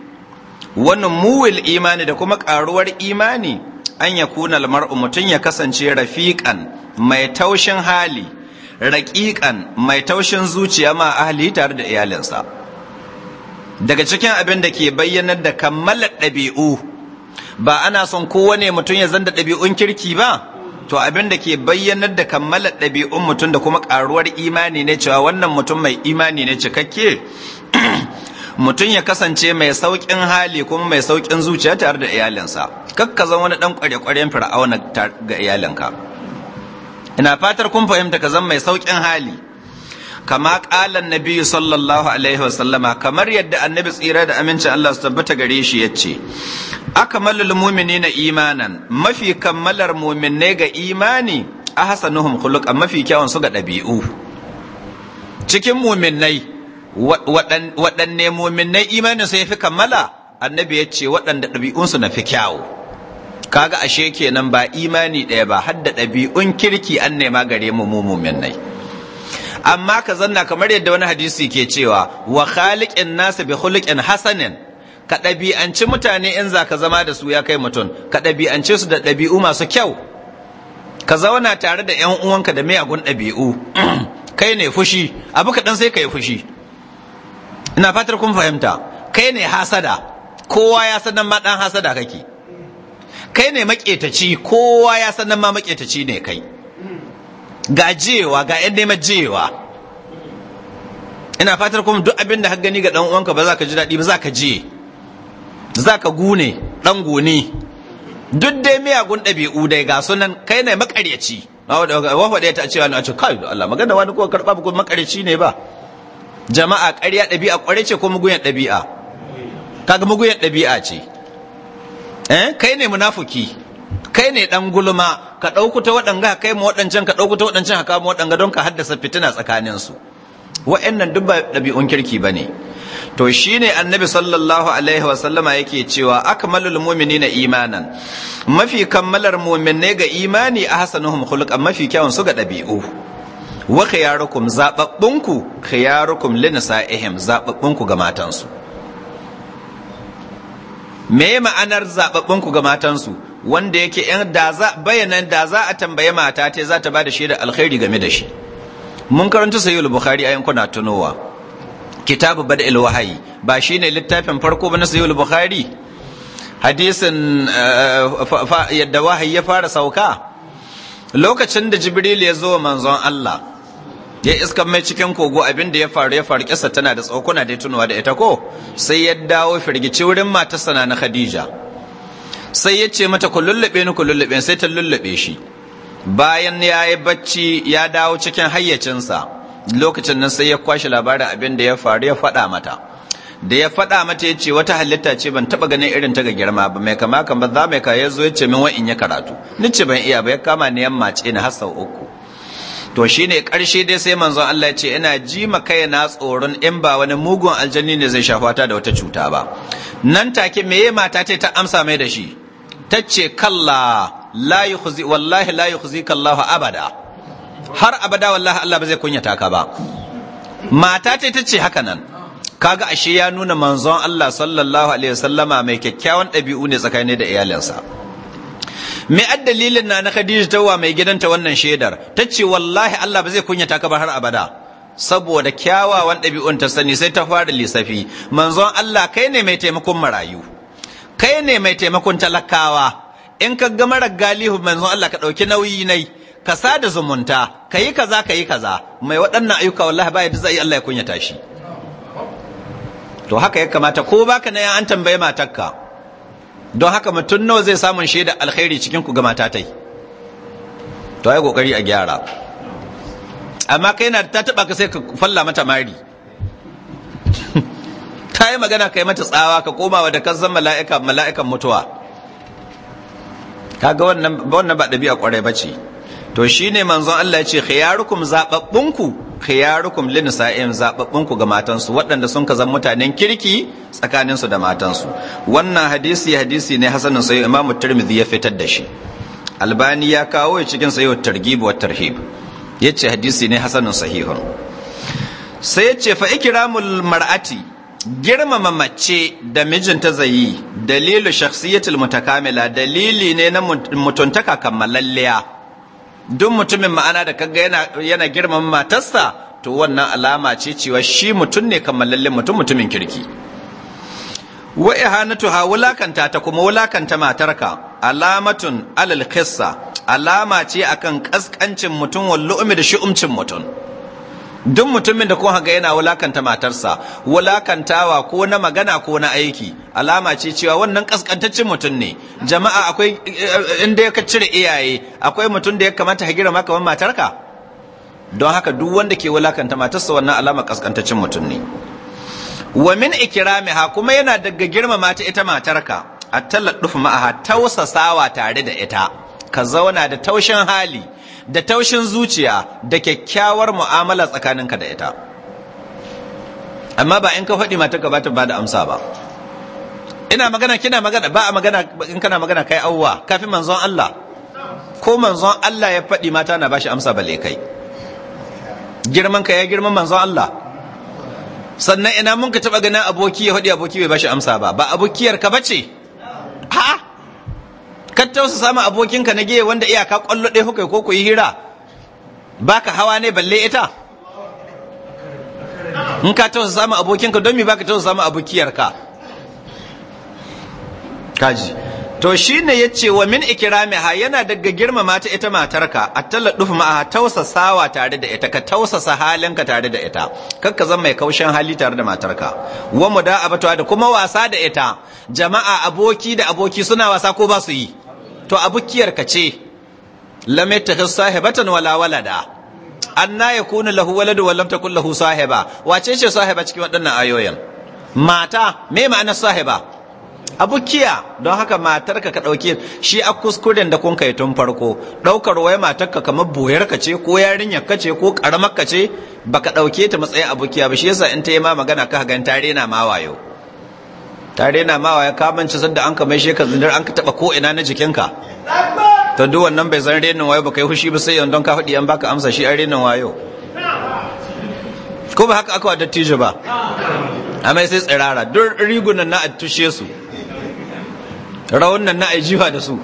wannan muwil imani da kuma ƙaruwar imani an yakuna kuna mar'u mutum ya kasance rafiƙan mai taushin hali raƙiƙan mai taushin zuciya ma ahli tare da iyalinsa daga cikin abin da ke bayyanar da kammalar ɗabi'u ba ana son kowane mutum ya zanda ɗabi'un kirki ba to abin da ke bayyanar da kammalar ɗabi'un mutum da kuma ƙaruwar imani ne cewa wannan mutum mai imani ne cikakke mutum ya kasance mai sauƙin hali kuma mai sauƙin zuciya tare da iyalinsa kakka zan wani ɗan ƙware-ƙwaren fir'auna ga iyalinka ina fatar kun fahimta ka zan mai sauƙin hali kama ƙalan nabi sallallahu alaihi wasallama kamar yadda annabi tsira da amincin Allah su tabbata gare shi yace ce mu'minina imanan mafi kammalar mu'minai ga imani ahsanuhum khuluqan mafi kyawun su ga ɗabi'u cikin mu'minai waɗanne mu'minai imanin su yafi kammala annabi yace ce waɗanda ɗabi'unsu na fi kyawu kaga ashe kenan ba imani ɗaya ba har da ɗabi'un kirki an nema gare mu mumumin nai amma ka zanna kamar yadda wani hadisi ke cewa wa khaliqin nasa bi khuluqin hasanin ka ɗabi'anci mutane in za ka zama da su ya kai mutum ka ɗabi'ance su da ɗabi'u masu kyau ka zauna tare da ƴan uwanka da miyagun ɗabi'u kai ne fushi abu kaɗan sai ka fushi ina fatar kun fahimta kai ne hasada kowa ya sanan ma ɗan hasada kake kai ne maƙetaci kowa ya san nan ma maƙetaci ne kai ga jewa ga yan neman jewa ina fatar kuma duk abin da gani ga 'ɗan'uwanka uwanka ba za ka ji daɗi ba za ka je za ka gune ɗan gune duk dai miyagun ɗabi'u dai ga sunan kai ne makaryaci wafa ɗaya ta cewa ne a ce kai da Allah magana wani ko karɓa ko makaryaci ne ba jama'a ƙarya ɗabi'a ƙware ce ko muguyan ɗabi'a kaga muguyan ɗabi'a ce eh kai ne munafuki kai ne dan gulma ka ɗauku ta waɗanga kai mu waɗancan ka ɗauku ta waɗancan ka mu waɗanga don ka haddasa fitina tsakaninsu wa'annan duk ba ɗabi'un kirki bane to shine annabi sallallahu alaihi wa sallama yake cewa akmalul mu'minina imanan mafi kammalar mu'minai ga imani ahsanuhum khuluqan mafi kyawun su ga ɗabi'u wa khiyarukum zababbunku khiyarukum linsa'ihim zababbunku ga matansu me ma'anar zababbun ga matansu wanda yake yan da za bayanan da za a tambaye mata ta za ta bada shaida alkhairi game da shi mun karanta sayyul bukhari ayan kuna tunowa kitabu al wahayi ba shine littafin farko ba na sayyul bukhari hadisin eh, yadda wahayi ya fara sauka lokacin da jibril ya zo manzon Allah ya iska mai cikin kogo abin da ya faru ya faru kisa tana da tsokuna da tunuwa da ita ko sai ya dawo firgici wurin matarsa na Khadija sai ya ce mata ku lullube ni ku lullube sai ta lullube shi bayan ya yi bacci ya dawo cikin hayyacinsa lokacin nan sai ya kwashe labarin abin da ya faru ya faɗa mata da ya faɗa mata ya ce wata halitta ce ban taɓa ganin irin ta ga girma ba mai kama kan ba za mai ka ya zo ya ce min wa'in ya karatu ni ce ban iya ba ya kama ni yamma ce ni har sau uku to ne karshe dai sai manzon Allah ce ina ji kai na tsoron in ba wani mugun aljanni ne zai shafata da wata cuta ba nan take meye mata ce ta amsa mai da shi ta ce kalla la yukhzi wallahi la yukhzika Allahu abada har abada wallahi Allah ba zai kunyata ka ba mata ce ta ce haka nan kaga ashe ya nuna manzon Allah sallallahu alaihi wasallama mai kyakkyawan ɗabi'u ne tsakanin da iyalansa. me dalilin na na Khadija ta wa mai gidanta wannan shaidar ta ce wallahi Allah ba zai kunyata ka ba har abada saboda kyawawan ɗabi'un ta sani sai ta fara lissafi manzon Allah kai ne mai taimakon marayu kai ne mai taimakon talakawa in ka ga marar galihu manzon Allah ka ɗauki nauyi nai ka da zumunta ka yi kaza ka yi kaza mai waɗannan ayyuka wallahi ba yadda zai Allah ya kunyata shi to haka ya kamata ko baka na an tambaye matarka don haka mutum nawa zai samun shaida alkhairi cikin ku ga matatai to ai kokari a gyara amma kai na ta taba ka sai ka falla mata mari ta yi magana kai mata tsawa ka koma wa da kazzan mala'ika mala'ikan mutuwa kaga wannan wannan ba dabi'a kwarai bace to shine manzon Allah ya ce khayarukum zababbunku khiyarukum linisa'im zababbun ku ga matansu waɗanda sun kazan mutanen kirki tsakaninsu da matansu wannan hadisi hadisi ne hasanin sai imamu tirmidhi ya fitar da shi albani ya kawo ya cikin sayo targhib wa tarhib yace hadisi ne hasanin sahihun sai yace fa ikramul mar'ati girmama mace da mijinta zayi dalilu shakhsiyatul mutakamila dalili ne na mutuntaka kammalalliya duk mutumin ma'ana da kaga yana yana girmama matarsa to wannan alama ce cewa shi mutum ne kammalallen mutum mutumin kirki wa ha wulakanta ta kuma wulakanta matarka alamatun alal alama ce akan kaskancin mutum wallu'umi da shi'umcin mutum duk mutumin da kun haga yana wulakanta matarsa wulakantawa ko na magana ko na aiki alama ce cewa wannan kaskantaccen mutum ne jama'a akwai eh, inda ya cire iyaye akwai mutum da ya kamata ka girma kamar matarka don haka duk wanda ke wulakanta matarsa wannan alama kaskantaccen mutum ne wa min ikramiha kuma yana daga girmama ta ita matarka at dufu ma'aha tausasawa tare da ita ka zauna da taushin hali da taushin zuciya da kyakkyawar mu'amala tsakaninka da ita amma ba in ka faɗi mata ka bata ba da amsa ba ina magana kina magana ba a magana in kana magana kai auwa kafin manzon Allah ko manzon Allah ya faɗi mata na bashi amsa bale kai girman ka ya girman manzon Allah sannan ina mun ka taɓa gana aboki ya faɗi aboki bai bashi amsa ba ba abokiyar ka bace ha ka tausasa ma abokinka na gehe wanda iyaka kwallo ɗaya kuka ko ku yi hira baka hawa ne balle ita in ka tausasa ma abokinka don me baka tausasa ma abokiyarka kaji to shine yace wa min ha yana daga girma mata ita matarka attalla duf ma tausasawa tare da ita ka tausasa halinka tare da ita kakka zan mai kaushin hali tare da matarka wa abatuwa da kuma wasa da ita jama'a aboki da aboki suna wasa ko ba su yi to abukiyar ka ce lam yattakhis sahibatan wala walada anna yakunu lahu waladu wa lam takul lahu sahiba wace ce sahiba cikin waɗannan ayoyin mata me ma'anar sahiba abukiya don haka matarka ka ɗauke shi a kuskuren da kun kai tun farko ɗaukar wai matarka kamar boyar ka ce ko yarinyar ka ce ko ƙaramar ka ce baka ɗauke ta matsayin abukiya ba shi yasa in ta yi ma magana ka gan tare na ma wayo tare na mawa ya kamanci sanda an kamai shi ka zindar an ka taba ko ina na jikinka to duk wannan bai san renin wayo ba kai hushi ba sai yan don ka faɗi an baka amsa shi an renin wayo ko ba haka aka dattijo ba amma sai tsirara duk rigunan na a tushe su rawunan na a jiwa da su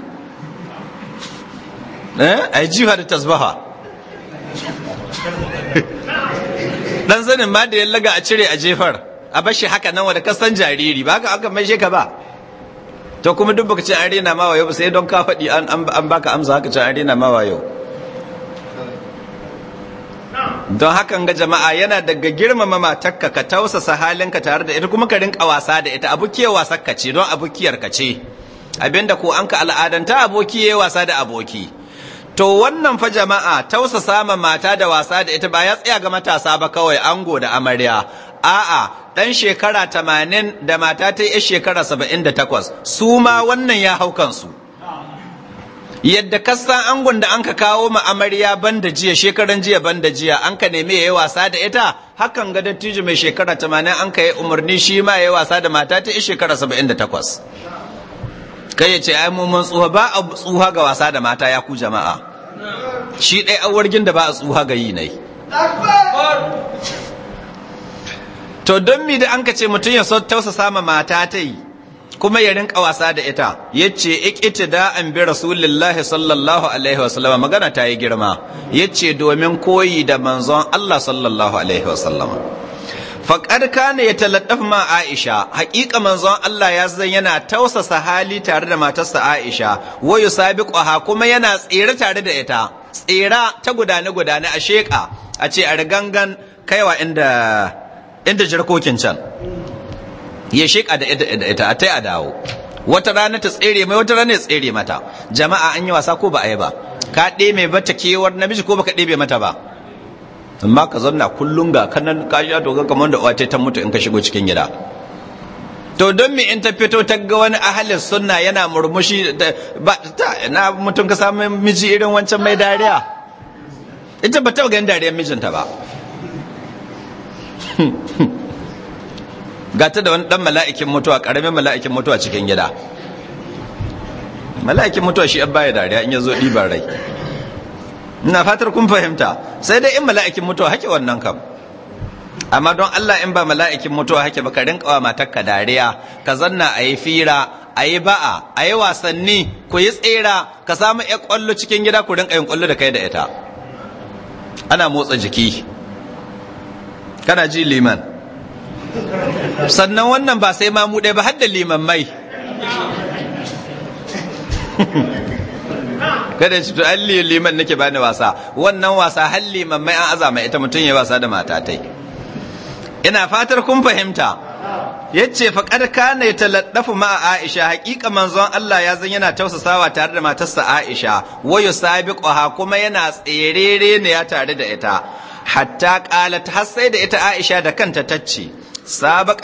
eh a jiwa da tasbaha dan zanin ma da ya laga a cire a jefar a bar shi haka nan wanda ka san jariri ba ka aka mai ka ba to kuma duk baka ci an rena ma wayo sai don ka faɗi an baka amsa haka ci an rena ma wayo don hakan ga jama'a yana daga girmama matakka ka tausasa halinka tare da ita kuma ka rinka wasa da ita abukiyar wasa ka ce don abukiyar ka ce abinda ko an ka al'adanta aboki yayi wasa da aboki to wannan fa jama'a tausasa ma mata da wasa da ita ba ya tsaya ga matasa ba kawai ango da amarya a'a ɗan shekara tamanin da mata ta yi shekara saba'in da takwas su ma wannan ya hau kansu yadda kasan angon da an ka kawo ma amarya da jiya shekaran jiya ban da jiya an ka nemi yi wasa da ita hakan ga dattijo mai shekara tamanin an ka yi umarni shi ma yi wasa da mata ta yi shekara saba'in da takwas kai ya ce ai mu mun tsuha ba a tsuha ga wasa da mata ya ku jama'a shi ɗaya awargin da ba a tsuha ga yi ne to don mi da an ka ce mutum ya so tausasa ma mata ta yi kuma ya rinka wasa da ita Ya ce, ikita da an bi rasulullahi sallallahu alaihi wasallama magana ta yi girma Ya ce, domin koyi da manzon Allah sallallahu alaihi ka faqad ya yataladdaf ma Aisha haƙiƙa manzon Allah ya zan yana tausasa hali tare da matarsa Aisha sabi ƙwaha kuma yana tsere tare da ita tsera ta gudane gudane a sheƙa. a ce a rigangan kaiwa inda inda jirkokin can ya sheka da ita a ta a dawo wata rana ta tsere mai wata rana ya tsere mata jama'a an yi wasa ko ba a yi ba ka ɗebe mata kewar namiji ko baka ɗebe mata ba amma ka zanna kullum ga kanan ka sha doka kamar da uwa ta mutu in ka shigo cikin gida to don me in ta fito ta ga wani ahalin sunna yana murmushi ta na mutum ka samu miji irin wancan mai dariya ita ba ta ga dariyar mijinta ba gata da wani dan mala'ikin mutuwa karamin mala'ikin mutuwa cikin gida mala'ikin mutuwa shi abba ya dariya in ya zo ɗiban rai ina fatar kun fahimta sai dai in mala'ikin mutuwa hake wannan kam amma don Allah in ba mala'ikin mutuwa hake ba ka rinka wa matarka dariya ka zanna a yi fira a yi ba'a a yi wasanni ku yi tsira ka samu ya kwallo cikin gida ku rinka yin kwallo da kai da ita ana motsa jiki kana ji liman sannan wannan ba sai mamu ɗaya ba har da liman mai kada shi to alli liman nake bani wasa wannan wasa har liman mai an azama ita mutum ya wasa da matatai ina fatar kun fahimta yace fa ne ta laddafu ma Aisha haƙiƙa manzon Allah ya zan yana tausasawa tare da matarsa Aisha wa yusabiquha kuma yana tsirere ne ya tare da ita hatta qalat har sai da ita Aisha da kanta tacce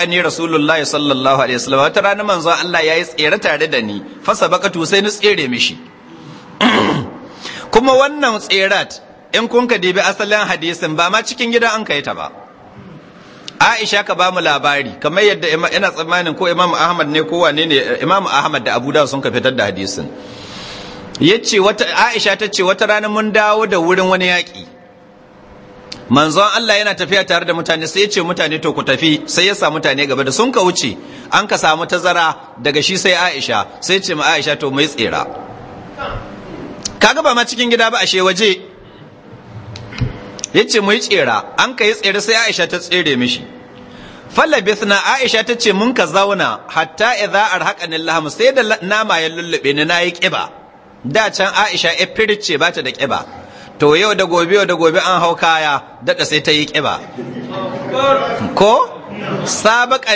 ni rasulullahi sallallahu alaihi wasallam wata rana manzon Allah yayi tsere tare da ni fa sabaqatu sai ni tsere mishi kuma wannan tserat in kun ka dibi asalin hadisin ba ma cikin gida an kai ta ba Aisha ka ba mu labari kamar yadda ina tsammanin ko Imam Ahmad ne ko wane ne Imam Ahmad da Abu Dawud sun ka fitar da hadisin yace wata Aisha ta ce wata rana mun dawo da wurin wani yaƙi manzon Allah yana tafiya tare da mutane sai ya ce mutane to ku tafi sai ya sa mutane gaba da sun ka wuce an ka samu tazara daga shi sai Aisha sai ya ce ma Aisha to mai tsira kaga ba ma cikin gida ba ashe waje ya ce mu yi tsira an ka yi tsere sai Aisha ta tsere mishi bisna Aisha ta ce mun ka zauna hatta idza arhaqanil lahm sai da nama ya lullube ni nayi kiba da can Aisha ya firce bata da kiba to yau da gobe yau da gobe an hau kaya daɗa sai ta yi ƙiba ko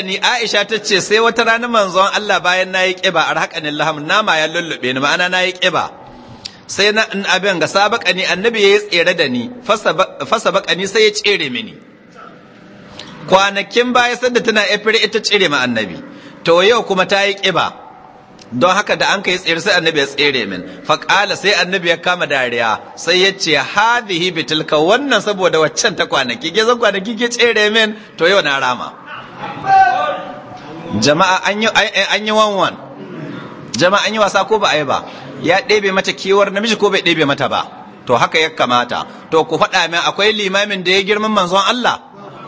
ni aisha ta ce sai wata rana manzon Allah bayan na yi ƙiba ni Allah mun nama ya lullube ni ma'ana nayi yi ƙiba sai na abin ga ni annabi ya tsere da ni fasabakani sai ya tsere mini kwanakin baya sanda tana efire ita tsere ma annabi to yau kuma ta yi ƙiba don haka da an kai tsere sai annabi ya tsere min faƙala sai annabi ya kama dariya sai ya ce hadhihi bitilka wannan saboda waccan ta kwanaki ke zan kwanaki ke tsere min to yau na rama jama'a an yi an yi wanwan jama'a an yi wasa ko ba a yi ba ya ɗebe mata kewar namiji ko bai ɗebe mata ba to haka ya kamata to ku faɗa min akwai limamin da ya girman manzon Allah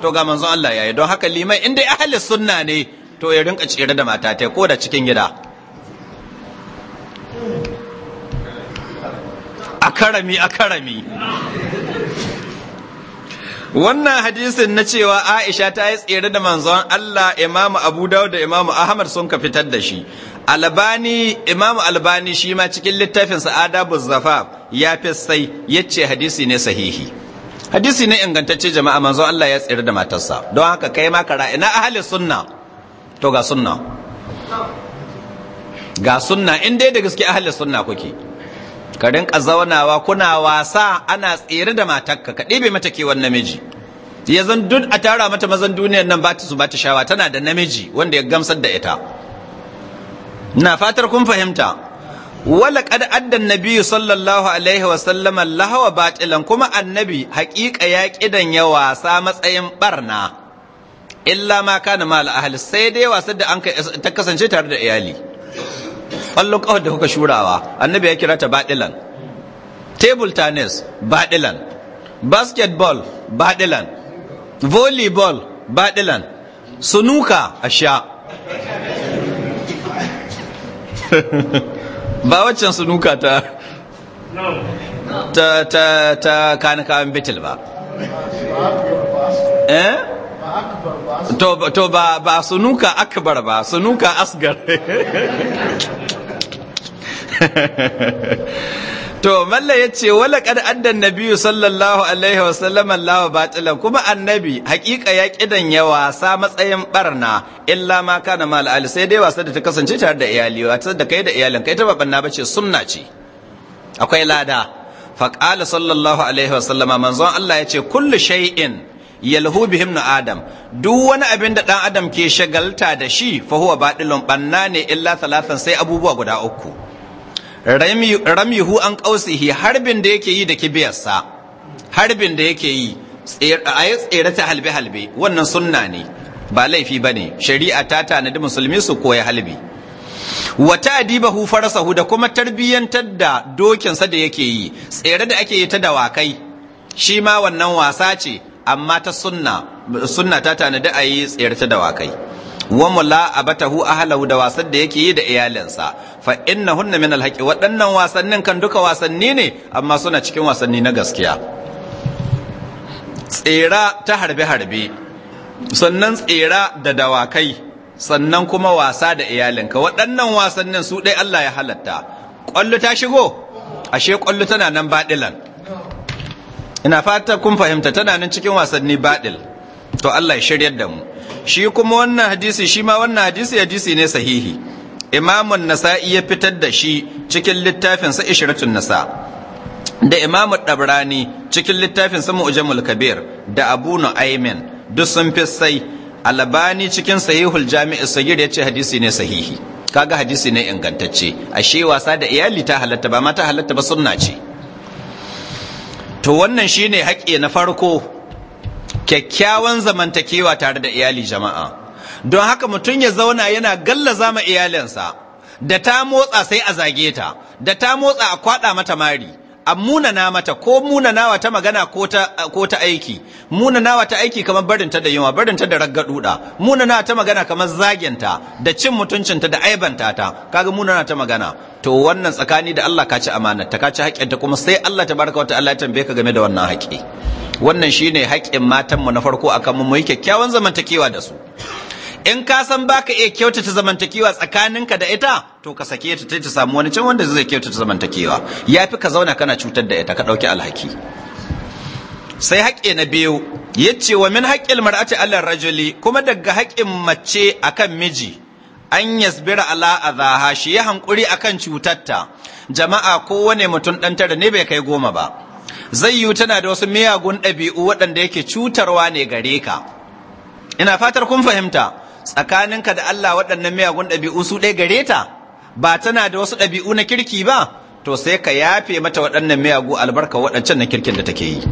to ga manzon Allah yayi don haka limai inda ahli sunna ne to ya rinka tsere da mata ko da cikin gida a karami a karami wannan hadisin na cewa aisha ta yi tsere da manzon allah imamu abu dawud da imamu ahmad sun ka fitar da shi albani imamu albani shi ma cikin littafin sa'ada Buzzafa ya fi sai ya ce hadisi ne sahihi hadisi ne ingantacce jama'a manzon allah ya tsere da matarsa don haka kai ma kara ina ahli sunna to ga sunna ga sunna in dai da gaske ahli sunna kuke ka rinka zaunawa kuna wasa ana tsere da matarka ka ɗebe mata kewan namiji ya zan duk a tara mata mazan duniyar nan ba ta su ba ta shawa tana da namiji wanda ya gamsar da ita na fatar kun fahimta wala kad addan nabiyyu sallallahu alaihi wa sallama lahawa batilan kuma annabi haƙiƙa ya kidan ya wasa matsayin barna illa ma kana mal ahli sai dai wasa da an ta kasance tare da iyali ƙwallon kawai da kuka shurawa annabi ya kira ta baɗilan table tennis baɗilan basketball baɗilan volleyball baɗilan sunuka a sha ba waccan sunuka ta ta ta ta kanakawan betel ba eh to ba ba sunuka akbar ba sunuka asgar to malla ya ce wala kad addan nabiyu sallallahu alaihi wa sallam Allah batila kuma annabi hakika ya kidan ya wasa matsayin barna illa ma kana mal ali sai dai wasa da ta kasance tare da iyali wata da kai da iyalin kai ta ba banna bace sunna ce akwai lada faqala sallallahu alaihi wa sallama manzon Allah ya ce kullu shay'in yalhu bihim na adam duk wani abin da dan adam ke shagalta da shi fa huwa batilun banna ne illa thalathan sai abubuwa guda uku ramihu an qausihi harbin da yake yi da kibiyarsa harbin da yake yi yi tsere ta halbe halbe wannan sunna ne ba laifi ba ne shari'a ta tanadi musulmi su koya halbi wa ta'dibahu farasahu da kuma tarbiyyantar da dokinsa da yake yi tsere da ake yi ta dawakai shi ma wannan wasa ce amma ta sunna sunna ta tanadi ayi tsere ta dawakai wa mula'abatahu ahlahu da wasan da yake yi da iyalinsa fa innahunna min alhaqi waɗannan wasannin kan duka wasanni ne amma suna cikin wasanni na gaskiya tsera ta harbe harbe sannan tsera da dawakai sannan kuma wasa da iyalinka waɗannan wasannin su dai Allah ya halatta ƙwallo ta shigo ashe ƙwallo tana nan baɗilan ina fata kun fahimta tana nan cikin wasanni baɗil to Allah ya shiryar da mu shi kuma wannan hadisi shi ma wannan hadisi hadisi ne sahihi Imaman nasa'i ya fitar da shi cikin littafin sa ishratun nasa da imamu dabrani cikin littafin sa mu'jamul kabir da abu nu'aymin duk sun fi sai albani cikin sahihul jami'i sagir ya ce hadisi ne sahihi kaga hadisi ne ingantacce ashe wasa da iyali ta halatta ba ma halatta ba sunna ce to wannan shine haƙƙi na farko kyakkyawan zamantakewa tare da iyali jama'a don haka mutum ya zauna yana gallaza ma iyalinsa da ta motsa sai a zage ta da ta motsa a kwada mata mari a munana mata ko munanawa ta magana ko ta aiki munanawa ta aiki kamar barinta da yunwa barinta da raggaduda munanawa ta magana kamar zagenta da cin mutuncinta da aibanta ta kaga munana ta magana to wannan tsakani da Allah ka ci amanar ta ka ci haƙƙin ta, kuma sai Allah tabaraka wa ta'ala ya tambaye ka game da wannan haƙƙi wannan shine haƙƙin matanmu na farko akan mu mu yi kyakkyawan zamantakewa da su in ka san baka iya kyautata zamantakewa tsakaninka da ita to ka sake ta ta samu wani can wanda zai kyautata zamantakewa Ya fi ka zauna kana cutar da ita ka dauki alhaki sai haƙƙi na biyu ce wa min haƙƙin mar'ati allah rajuli kuma daga haƙƙin mace akan miji an yasbira ala azaha shi ya hankuri akan cutarta jama'a kowane mutum ɗan tara ne bai kai goma ba zai yi tana da wasu miyagun ɗabi'u waɗanda yake cutarwa ne gare ka ina fatar kun fahimta tsakaninka da Allah waɗannan miyagun ɗabi'u su ɗaya gare ta ba tana da wasu ɗabi'u na kirki ba to sai ka yafe mata waɗannan miyagu albarka waɗancan na kirkin da take yi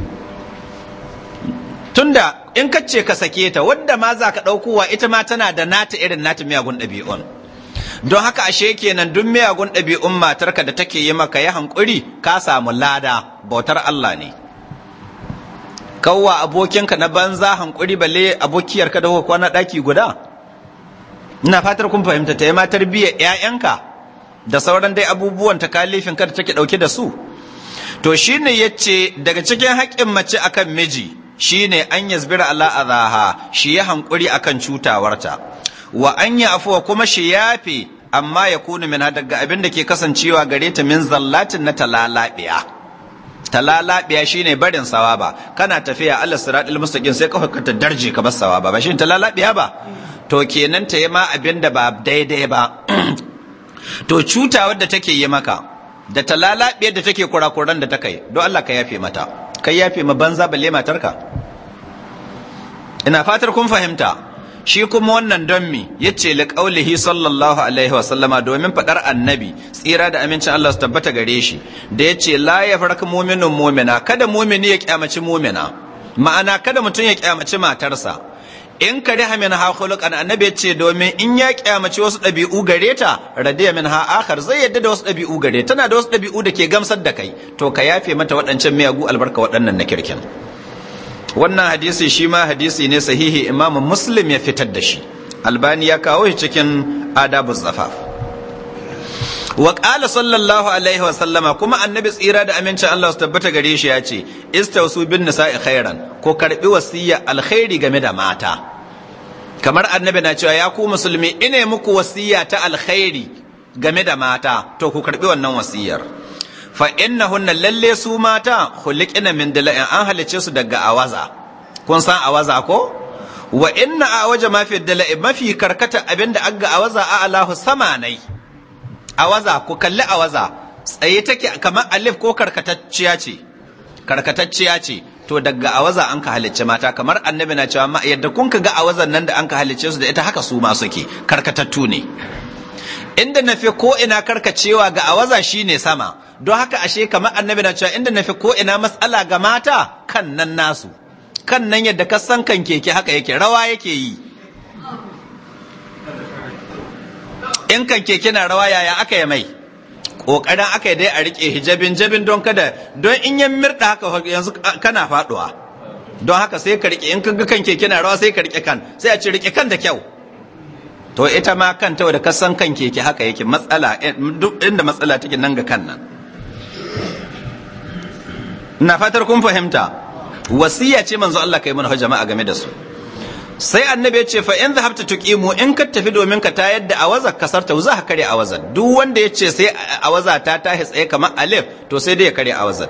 tunda in ka ce ka sake ta wadda ma za ka ɗaukowa ita ma tana da nata irin nata miyagun ɗabi'un don haka ashe kenan duk miyagun ɗabi'un matarka da take yi maka ya hankuri ka samu lada bautar Allah ne kawwa abokinka na banza hankuri balle abokiyarka da kwana ɗaki guda ina fatar kun fahimta ta yi matar biya 'ya'yanka da sauran dai abubuwan ta kalifin kar take dauke da su to shine ce daga cikin haƙƙin mace akan miji shine an Allah ala azaha shi ya hankuri akan cutawarta wa an ya afuwa kuma shi yafe amma ya kuna min daga abin da ke kasancewa gare ta min zallatin na talalabiya talalabiya shine barin sawaba kana tafiya Allah siratul mustaqim sai kafa ka ta darje ka bar sawaba ba shine talalabiya ba to kenan ta yi ma abin da ba daidai ba to cutawar da take yi maka da ta lalabe da take kurakuran da ta don Allah ka yafe mata kai yafe ma banza balle matarka ina fatar kun fahimta shi kuma wannan don mi yace li qaulihi sallallahu alaihi wasallama domin faɗar annabi tsira da amincin Allah su tabbata gare shi da yace la ya yafarku mu'minun mu'mina kada mu'mini ya kyamaci mu'mina ma'ana kada mutum ya kyamaci matarsa in ka riha min ha an annabi ce domin in ya kiyamace wasu ɗabi'u gare ta radiya min ha akhar zai yadda da wasu ɗabi'u gare tana da wasu ɗabi'u da ke gamsar da kai to ka yafe mata waɗancan miyagu albarka waɗannan na kirkin wannan hadisi shi ma hadisi ne sahihi imamu muslim ya fitar da shi albani ya kawo shi cikin adabuz zafaf wa qala sallallahu alaihi wa sallama kuma annabi tsira da amincin Allah su tabbata gare shi ya ce istausu bin nisa'i khairan ko karbi wasiyya alkhairi game da mata kamar annabi na cewa ya ku musulmi ine muku wasiyya ta alkhairi game da mata to ku karbi wannan wasiyar fa innahunna lalle su mata khuliqina min dala'in an halice su daga awaza kun san awaza ko wa inna a waje mafi dala'i mafi karkata abinda aga awaza a alahu sama nai awaza ku kalli awaza tsaye take kamar alif ko karkatacciya ce karkatacciya ce to daga awaza an ka halicce mata kamar annabi na cewa yadda kun ka ga awazan nan da an ka halicce su da ita haka su ma suke karkatattu ne inda nafi ko ina karkacewa ga awaza shine sama don haka ashe kamar annabi na cewa inda nafi ko ina matsala ga mata kan nan nasu kan nan yadda ka san kan keke haka yake rawa yake yi in kan keke na rawa yaya aka yi mai kokarin aka yi dai a rike hijabin jabin don kada don in ya mirda haka yanzu kana faduwa don haka sai ka rike in ka kan keke na rawa sai ka rike kan sai a ce rike kan da kyau to ita ma kan ta wadda kasan kan keke haka yake matsala eh, inda matsala take nan ga kan nan na fatar kun fahimta wasiya ce manzo Allah kai mana jama'a game da su sai annabi ya ce fa in zahabta tuqimu in ka tafi domin ka ta yadda awaza kasarta za ka kare awazan duk wanda ya ce sai awaza ta tahi tsaye kamar alif to sai dai ya kare awazan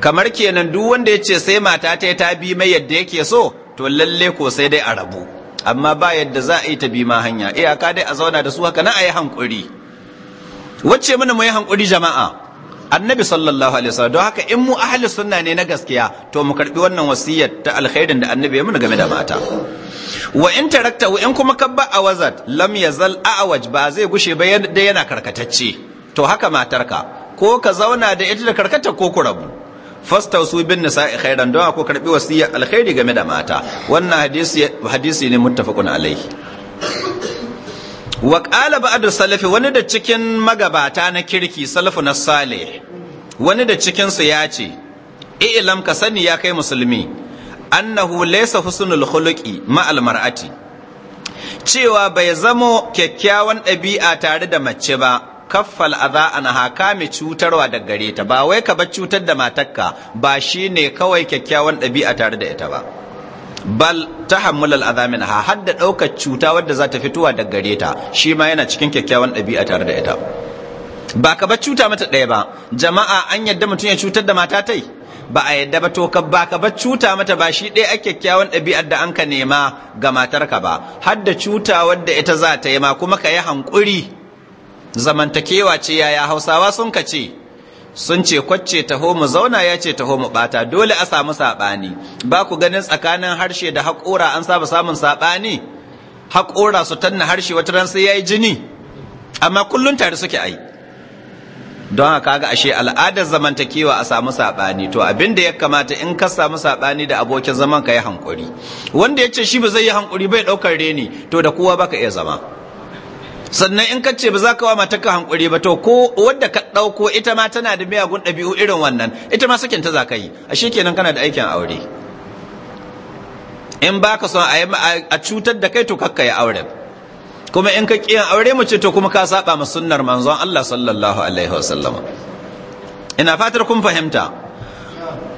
kamar kenan duk wanda ya ce sai mata ta ta bi mai yadda yake so to lalle ko sai dai a rabu amma ba yadda za a yi ta bi ma hanya iyaka dai a zauna da su haka na a yi hankuri wacce mana mu yi hankuri jama'a annabi sallallahu alaihi wasallam don haka in mu ahli sunna ne na gaskiya to mu karbi wannan wasiyar ta alkhairin da annabi ya muna game da mata wa in tarakta wa in kuma kabba a wazat lam yazal a'waj ba zai gushe ba yadda yana karkatacce to haka matarka ko ka zauna da ita da karkata ko ku rabu fastausu bin nisa'i khairan don ko karbi wasiyya alkhairi game da mata wannan hadisi hadisi ne muttafaqun alaihi wa qala ba'd salafi wani da cikin magabata na kirki salafu na salih wani da cikin su ya ce i'lam ka sani ya kai musulmi annahu laysa husnul khuluqi ma'al mar'ati cewa bai zamo kyakkyawan ɗabi'a tare da mace ba kaffal aza an haka mai cutarwa da gare ta ba wai ka bar cutar da matakka ba shine kawai kyakkyawan ɗabi'a tare da ita ba bal tahammul al'adha ha hadda ɗaukar cuta wadda za ta fitowa da gare ta shi ma yana cikin kyakkyawan ɗabi'a tare da ita ba ka bar cuta mata ɗaya ba jama'a an yadda mutum ya cutar da mata tai ba a yadda ba to ka baka ba cuta mata ba shi ɗaya kyakkyawan ɗabi'ar da an ka nema ga matarka ba har da cuta wadda ita za ta yi ma kuma ka yi hankuri zamantakewa ce yaya hausawa sun ka ce sun ce kwacce taho mu zauna ya ce taho mu bata dole a samu saɓani ba ku ganin tsakanin harshe da haƙora an saba samun saɓani haƙora su tanna harshe wata ran sai ya yi jini amma kullum tare suke ai don haka ga ashe al'adar zamantakewa a samu saɓani, to abin da ya kamata in ka samu sabani da abokin zaman ka yi hankuri wanda ya ce shi ba zai yi hankuri bai ɗaukar reni to da kowa baka iya zama sannan in ka ce ba za ka wa matarka hankuri ba to ko wadda ka ɗauko ita ma tana da miyagun ɗabi'u irin wannan ita ma sakin ta za ka yi ashe kenan kana da aikin aure in baka son a cutar da kai to kakka yi auren kuma in ka kiyan aure mu ce to kuma ka saba ma sunnar manzon Allah sallallahu alaihi wasallama ina fatar kun fahimta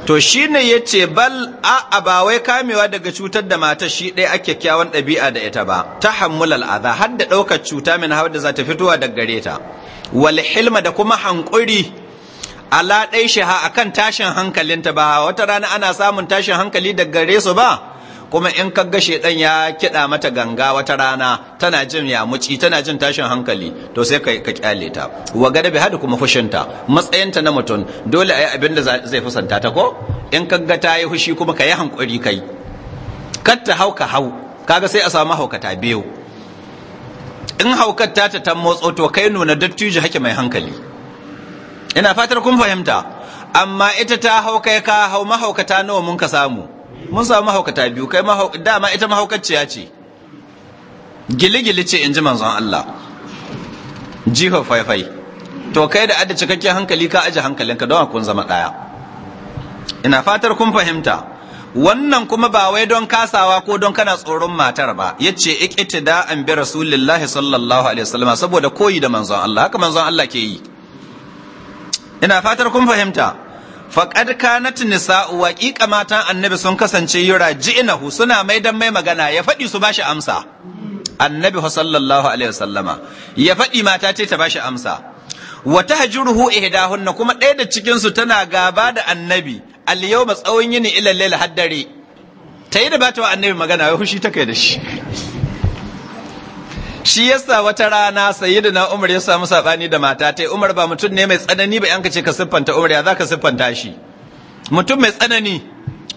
to shine yace bal a ba wai kamewa daga cutar da matar shi dai ake kyakkyawan ɗabi'a da ita ba tahammul adha har da ɗaukar cuta min hawa da za ta fitowa daga gare ta wal hilma da kuma hankuri ala ɗai shi ha akan tashin hankalinta ba wata rana ana samun tashin hankali daga gare su ba kuma in ka ga shedan ya kiɗa mata ganga wata rana tana jin ya muci tana jin tashin hankali to sai ka kyale ta wa gada bi hada kuma fushinta matsayinta na mutum dole a yi abin da zai fusanta ta ko in ka ga ta yi fushi kuma ka yi hankuri kai kar ta hau hau kaga sai a samu ta biyu in haukar ta ta motso to kai nuna dattijo hake mai hankali ina fatar kun fahimta amma ita ta hauka ka hau mahaukata nawa mun ka samu mun samu mahaukata biyu kai dama ita mahaukaciya ce gili-gili ce in ji manzon Allah jihar faifai to kai da adda cikakken hankali ka aje hankalinka don kun zama ɗaya ina fatar kun fahimta wannan kuma ba wai don kasawa ko don kana tsoron matar ba yace da an bi rasulullahi sallallahu alaihi wasallam saboda koyi da manzon Allah haka manzon Allah ke yi ina fatar kun fahimta faƙad kanat nisa'u waƙiƙa matan annabi sun kasance yura ji'inahu suna mai maidan mai magana ya faɗi su bashi amsa annabi sallallahu alaihi wasallama ya faɗi mata ce ta bashi amsa wa tahjuruhu ihdahunna kuma ɗaya da cikin su tana gaba da annabi al yawma tsawon yini ila lail haddare tayi da bata wa annabi magana ya hushi ta da shi shi yasa wata rana na Umar ya samu sabani da mata tai Umar ba mutum ne mai tsanani ba ka ce ka siffanta Umar ya zaka siffanta shi mutum mai tsanani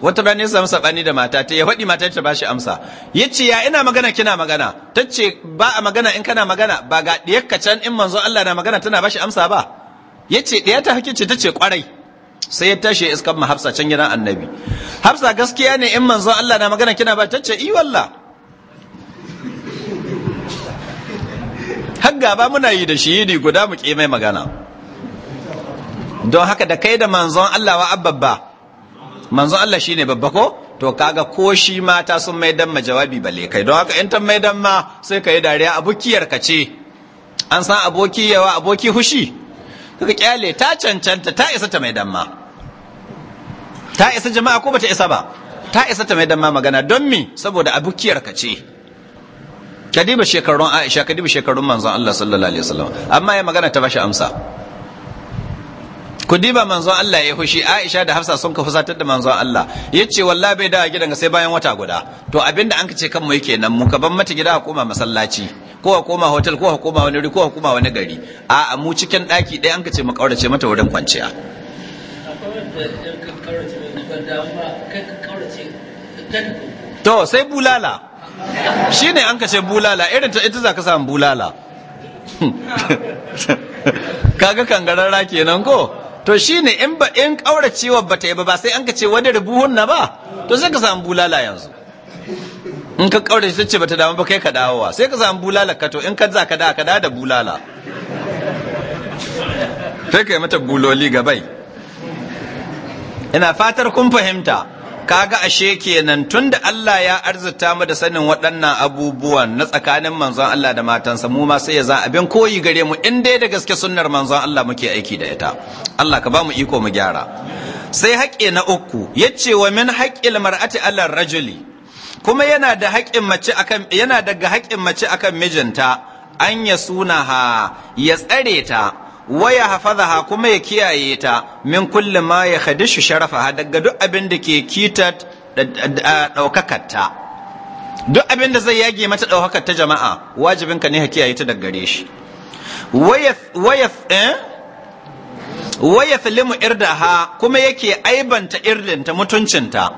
wata rana ya samu sabani da mata tai ya faɗi mata ta bashi amsa yace ya ina magana kina magana tace ba a magana in kana magana ba ga ka can in manzo Allah na magana tana bashi amsa ba yace diya ta hakice tace kwarai sai ya tashi iskan mahafsa can gidan annabi hafsa gaskiya ne in manzo Allah na magana kina ba tace i wallah har gaba muna yi da shi yini guda mu mai magana don haka da kai da manzon Allah wa ababba manzon Allah shine babba ko to kaga ko shi mata sun mai ma jawabi bale kai don haka in ta dan ma sai ka dariya abokiyar ka ce an san aboki yawa aboki hushi kaga kyale ta cancanta ta isa ta dan ma ta isa jama'a ko bata isa ba ta isa ta dan ma magana don mi saboda abokiyar ka ce ka diba shekarun Aisha ka diba shekarun manzon Allah sallallahu alaihi wasallam amma ya magana ta bashi amsa ku diba manzon Allah ya hushi Aisha da Hafsa sun ka satar da manzon Allah yace wallahi bai dawo gidan sai bayan wata guda to abinda an kace kan mu yake nan mu ka ban mata gida a koma masallaci ko a koma hotel ko a koma wani ri ko a koma wani gari a mu cikin daki ɗaya an kace mu kaurace mata wurin kwanciya to sai bulala shi ne an kashe bulala irin ta ita za ka samu bulala kaga kangararra kenan ko to shi ne in ba in kauracewa ba ta yi ba ba sai an ka ce wani rubuhun na ba to sai ka samu bulala yanzu in ka kaurace ta ce ba ta dama ba kai ka dawowa sai ka samu bulala ka to in ka za ka da ka da da bulala sai ka yi mata buloli gabai ina fatar kun fahimta kaga ashe kenan tunda Allah ya arzuta mu da sanin waɗannan abubuwan na tsakanin manzon Allah da matansa mu ma sai ya za abin koyi gare mu in dai da gaske sunnar manzon Allah muke aiki da ita Allah ka ba mu iko mu gyara sai haƙƙi na uku yace wa min haƙƙil mar'ati 'ala rajuli kuma yana da haƙƙin mace akan yana daga haƙƙin mace akan mijinta an ya suna ha ya tsare ta waya hafazaha kuma ya kiyaye ta min kulli ma ya khadishu sharafaha daga duk abin da ke kitat ɗaukakarta duk abin da zai yage mata ɗaukakar ta jama'a wajibin ka ne ka kiyaye ta daga gare shi waya filimu eh? irdaha kuma yake aibanta irdinta mutuncinta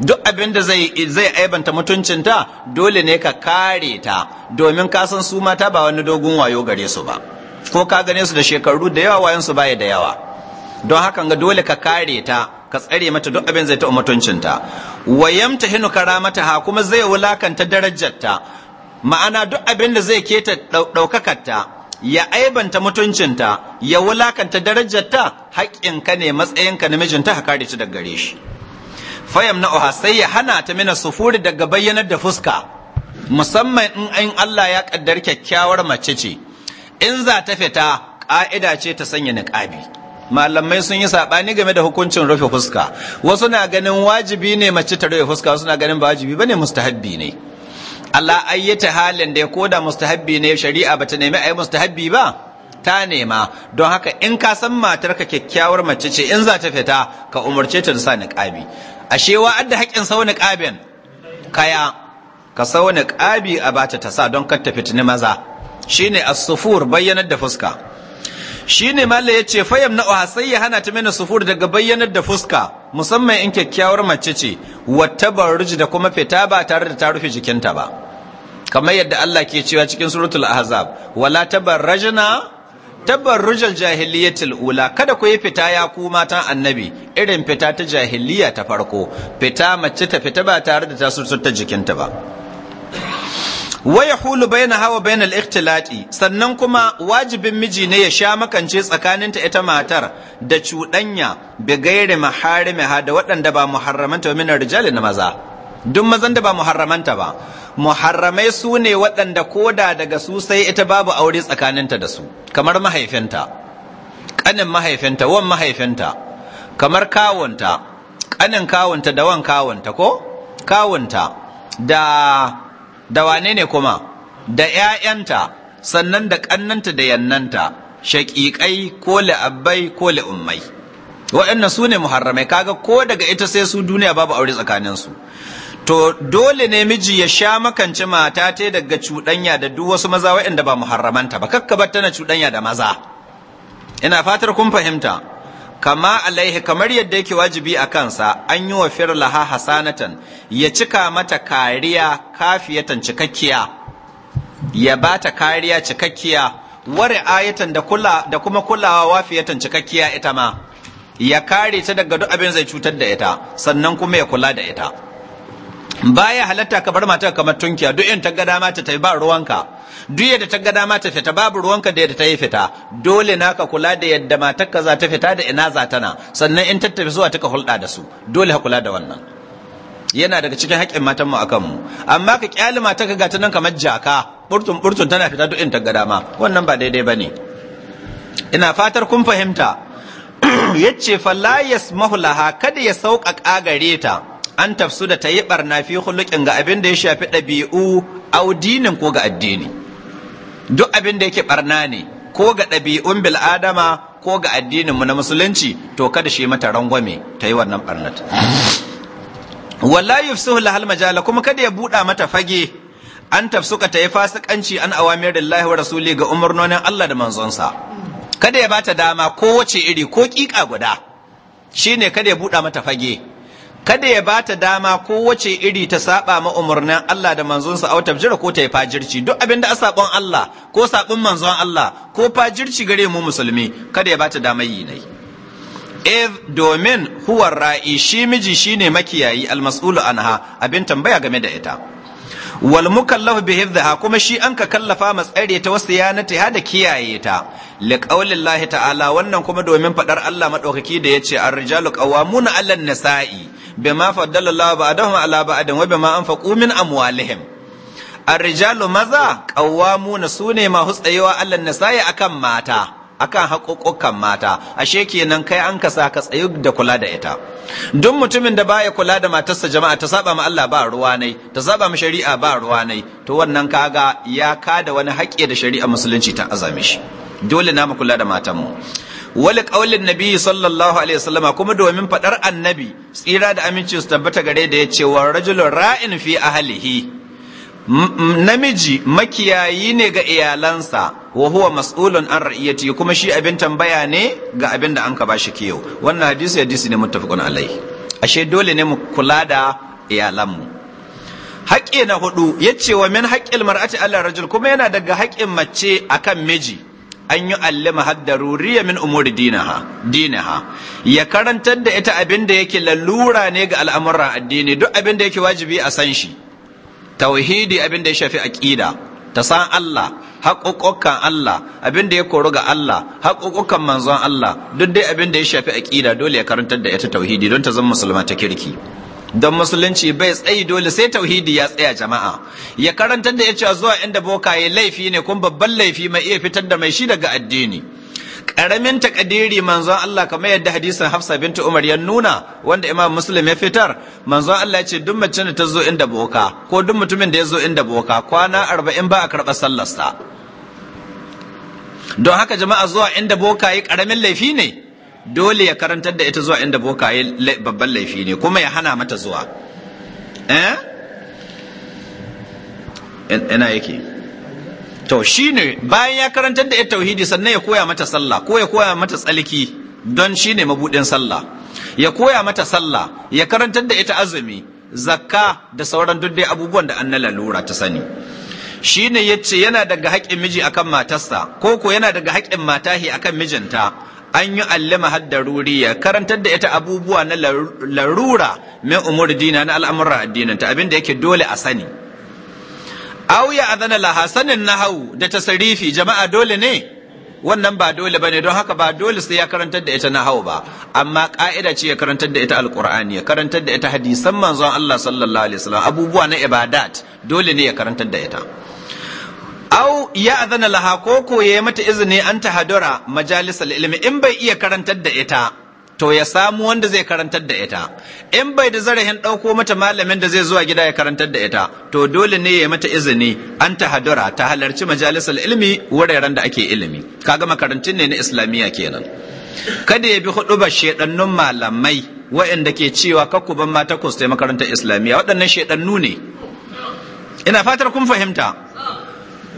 duk abin da zai aibanta mutuncinta dole ne ka kare ta domin kasan su mata ba wani dogon wayo gare su ba ko ka gane su da shekaru da yawa wayansu baya da yawa don hakan ga dole ka kare ta ka tsare mata duk abin zai ta mutuncinta kara mata ha, kuma zai wulakanta darajarta ma'ana duk abin da zai keta ta ya aibanta mutuncinta ya wulakanta darajarta ka ne matsayinka na mijinta ka kare ta daga gare shi fayam na sai ya hana ta mina sufuri daga bayyanar da fuska musamman in an Allah ya kaddar kyakkyawar mace ce in za ta fita ƙa'ida ce ta sanya niƙabi malamai sun yi saɓani game da hukuncin rufe fuska wasu na ganin wajibi ne mace ta rufe fuska wasu na ganin ba wajibi bane mustahabbi ne Allah ayyata halin da ya koda mustahabbi ne shari'a bata nemi ayi mustahabbi ba ta nema don haka in ka san matarka kyakkyawar mace ce in za ta fita ka umarce ta da sa niƙabi. ashe wa adda haƙin sau niqabin kaya ka sau niqabi a bata ta sa don kar ta fitini maza shine as-sufur bayyanar da fuska shine malla ce, fayam na sai ya hana ta mena sufur daga bayyanar da fuska musamman in kyakkyawar mace ce wata barruj da kuma fita ba tare da ta rufe jikinta ba kamar yadda Allah ke cewa cikin suratul ahzab wala tabarrajna tabarrujal jahiliyatil ula kada ku yi fita ya ku matan annabi irin fita ta jahiliya ta farko fita mace ta fita ba tare da ta surta jikinta ba waya hulu bai na hawa na ikhtilati sannan kuma wajibin miji ne ya sha makance tsakaninta ita matar da cuɗanya bi gairi mahari ha da waɗanda ba muharramanta min rijali na maza duk mazan da ba muharramanta ba muharramai su ne waɗanda koda daga su sai ita babu aure tsakaninta da su kamar mahaifinta ƙanin mahaifinta wan mahaifinta kamar kawunta ƙanin kawunta da wan kawunta ko kawunta da da wane ne kuma da 'ya'yanta sannan da ƙannanta da yannanta shaƙiƙai ko la'abbai ko la'ummai waɗannan su ne muharramai kaga ko daga ita sai su duniya babu aure tsakaninsu to dole ne miji ya sha makance mata ta daga cuɗanya da duk wasu maza waɗanda ba muharramanta ba kakka bar tana cuɗanya da maza ina fatar kun fahimta kama alaihi kamar yadda yake wajibi a kansa an yi wa firlaha hasanatan ya cika mata kariya kafiyatan cikakkiya ya ba ta kariya cikakkiya ware ayatan da kuma kulawa wafiyatan cikakkiya ita ma ya kare ta daga duk abin zai cutar da ita sannan kuma ya kula da ita baya halatta ka bar matar kamar tunkiya duk in ta ga dama ta tai ba ruwanka duk yadda ta ga dama ta fita babu ruwanka da yadda ta yi fita dole naka kula da yadda matarka za ta fita da ina za tana sannan in ta tafi zuwa taka hulɗa da su dole ka kula da wannan yana daga cikin haƙƙin matan mu akan mu amma ka kyali matarka ga ta nan kamar jaka burtun burtun tana fita duk in ta ga dama wannan ba daidai ba ne. ina fatar kun fahimta yace falla yasmahu laha kada ya sauƙaƙa gare ta an tafsu da ta yi barna fi hulukin ga abin da ya shafi ɗabi'u audinin ko ga addini duk abin da yake barna ne ko ga ɗabi'un bil'adama ko ga addininmu na musulunci to kada shi mata rangwame ta yi wannan barnata wallahi yufsihu lahal majala kuma kada ya buɗa mata fage an tafsuka ta yi fasikanci an awamir lillahi wa rasuli ga umarnonin Allah da manzonsa kada ya bata dama ko wace iri ko kika guda Shi ne kada ya buɗa mata fage kada ya bata dama ko wace iri ta saba ma umarnin Allah da manzonsa auta jira ko ta yi fajirci duk abin da sabon Allah ko sabon manzon Allah ko fajirci gare mu musulmi kada ya bata dama yi nai if domin huwar ra'i shi miji shine makiyayi almas'ulu anha abin tambaya game da ita wal mukallafu bi hifdha kuma shi an ka kallafa matsare ta wasu yanata da kiyaye ta li qaulillahi ta'ala wannan kuma domin fadar Allah madaukaki da yace ar-rijalu qawwamuna an nisa'i bima faddala Allah ba'dahum 'ala ba'din wa bima anfaqu min amwalihim ar-rijalu maza qawwamuna sune ma hutsayewa an nisa'i akan mata akan haƙoƙokan mata ashe kenan kai an ka sa ka tsayu da kula da ita duk mutumin da baya kula da matarsa jama'a ta saba ma Allah ba ruwa nai ta saba ma shari'a ba ruwa nai to wannan kaga ya kada wani haƙƙi da shari'a musulunci ta azame shi dole na mu kula da matanmu wali ƙaulin nabi sallallahu alaihi wasallama kuma domin faɗar annabi tsira da aminci su tabbata gare da ya ce wa rajulun ra'in fi ahlihi namiji makiyayi ne ga iyalansa wa huwa mas'ulun an ra'iyati kuma shi abin tambaya ne ga abin da an ka bashi kiyo wannan hadisi hadisi ne muttafaqun alai ashe dole ne mu kula da iyalanmu haƙƙi na hudu yace wa min haƙƙil mar'ati ala rajul kuma yana daga haƙƙin mace akan miji an yi allama haddaruriya min umuri dinaha dinaha ya karantar da ita abin da yake lalura ne ga al'amuran addini duk abin da yake wajibi a san shi tauhidi abin da ya shafi aqida ta san Allah haƙoƙokan Allah abin da ya koru ga Allah haƙoƙokan manzon Allah duk dai abin da ya shafi aƙida dole ya karantar da ita tauhidi don ta zama musulma ta kirki don musulunci bai tsayi dole sai tauhidi ya tsaya jama'a ya karantar da ya cewa zuwa inda boka ya laifi ne kuma babban laifi mai iya fitar da mai shi daga addini karamin takadiri manzon Allah kamar yadda hadisin Hafsa binta Umar ya nuna wanda Imam Muslim ya fitar manzon Allah ya ce duk mace da ta zo inda boka ko duk mutumin da ya zo inda boka kwana 40 ba a karba sallar sa don haka jama'a zuwa inda boka yi karamin laifi ne dole ya karantar da ita zuwa inda boka yi babban laifi ne kuma ya hana mata zuwa eh ina yake to shi ne bayan ya karantar da tauhidi sannan ya koya mata sallah ko ya koya mata tsalki don shi ne mabudin sallah ya koya mata sallah ya karantar da ita azumi zakka da sauran duk dai abubuwan da an lura ta sani shine yace yana daga haƙƙin miji akan matarsa ko ko yana daga haƙƙin matahi akan mijinta an yi allama ya karantar da ita abubuwa na larura min umur dina na al'amuran addinanta abin da yake dole a sani Au ya adana laha sanin nahau da tasarifi jama'a dole ne wannan ba dole ne, don haka ba dole sai ya karantar da ita nahau ba amma ƙa'ida ce ya karantar da ita alqur'ani ya karantar da ita hadisan manzon Allah sallallahu alaihi wasallam abubuwa na ibadat dole ne ya karantar da ita Au ya adana laha ko ko mata izini an hadura majalisal ilmi in bai iya karantar da ita to ya samu wanda zai karantar da ita in bai da zarahin ɗauko mata malamin da zai zuwa gida ya karantar da ita to dole ne ya mata izini an ta hadura ta halarci majalisar ilimi wuraren da ake ilimi kaga makarantun ne na islamiyya kenan kada ya bi hudu ba shedannun malamai waɗanda ke cewa ban mata ku sai makarantar islamiyya waɗannan shedannu ne ina fatar kun fahimta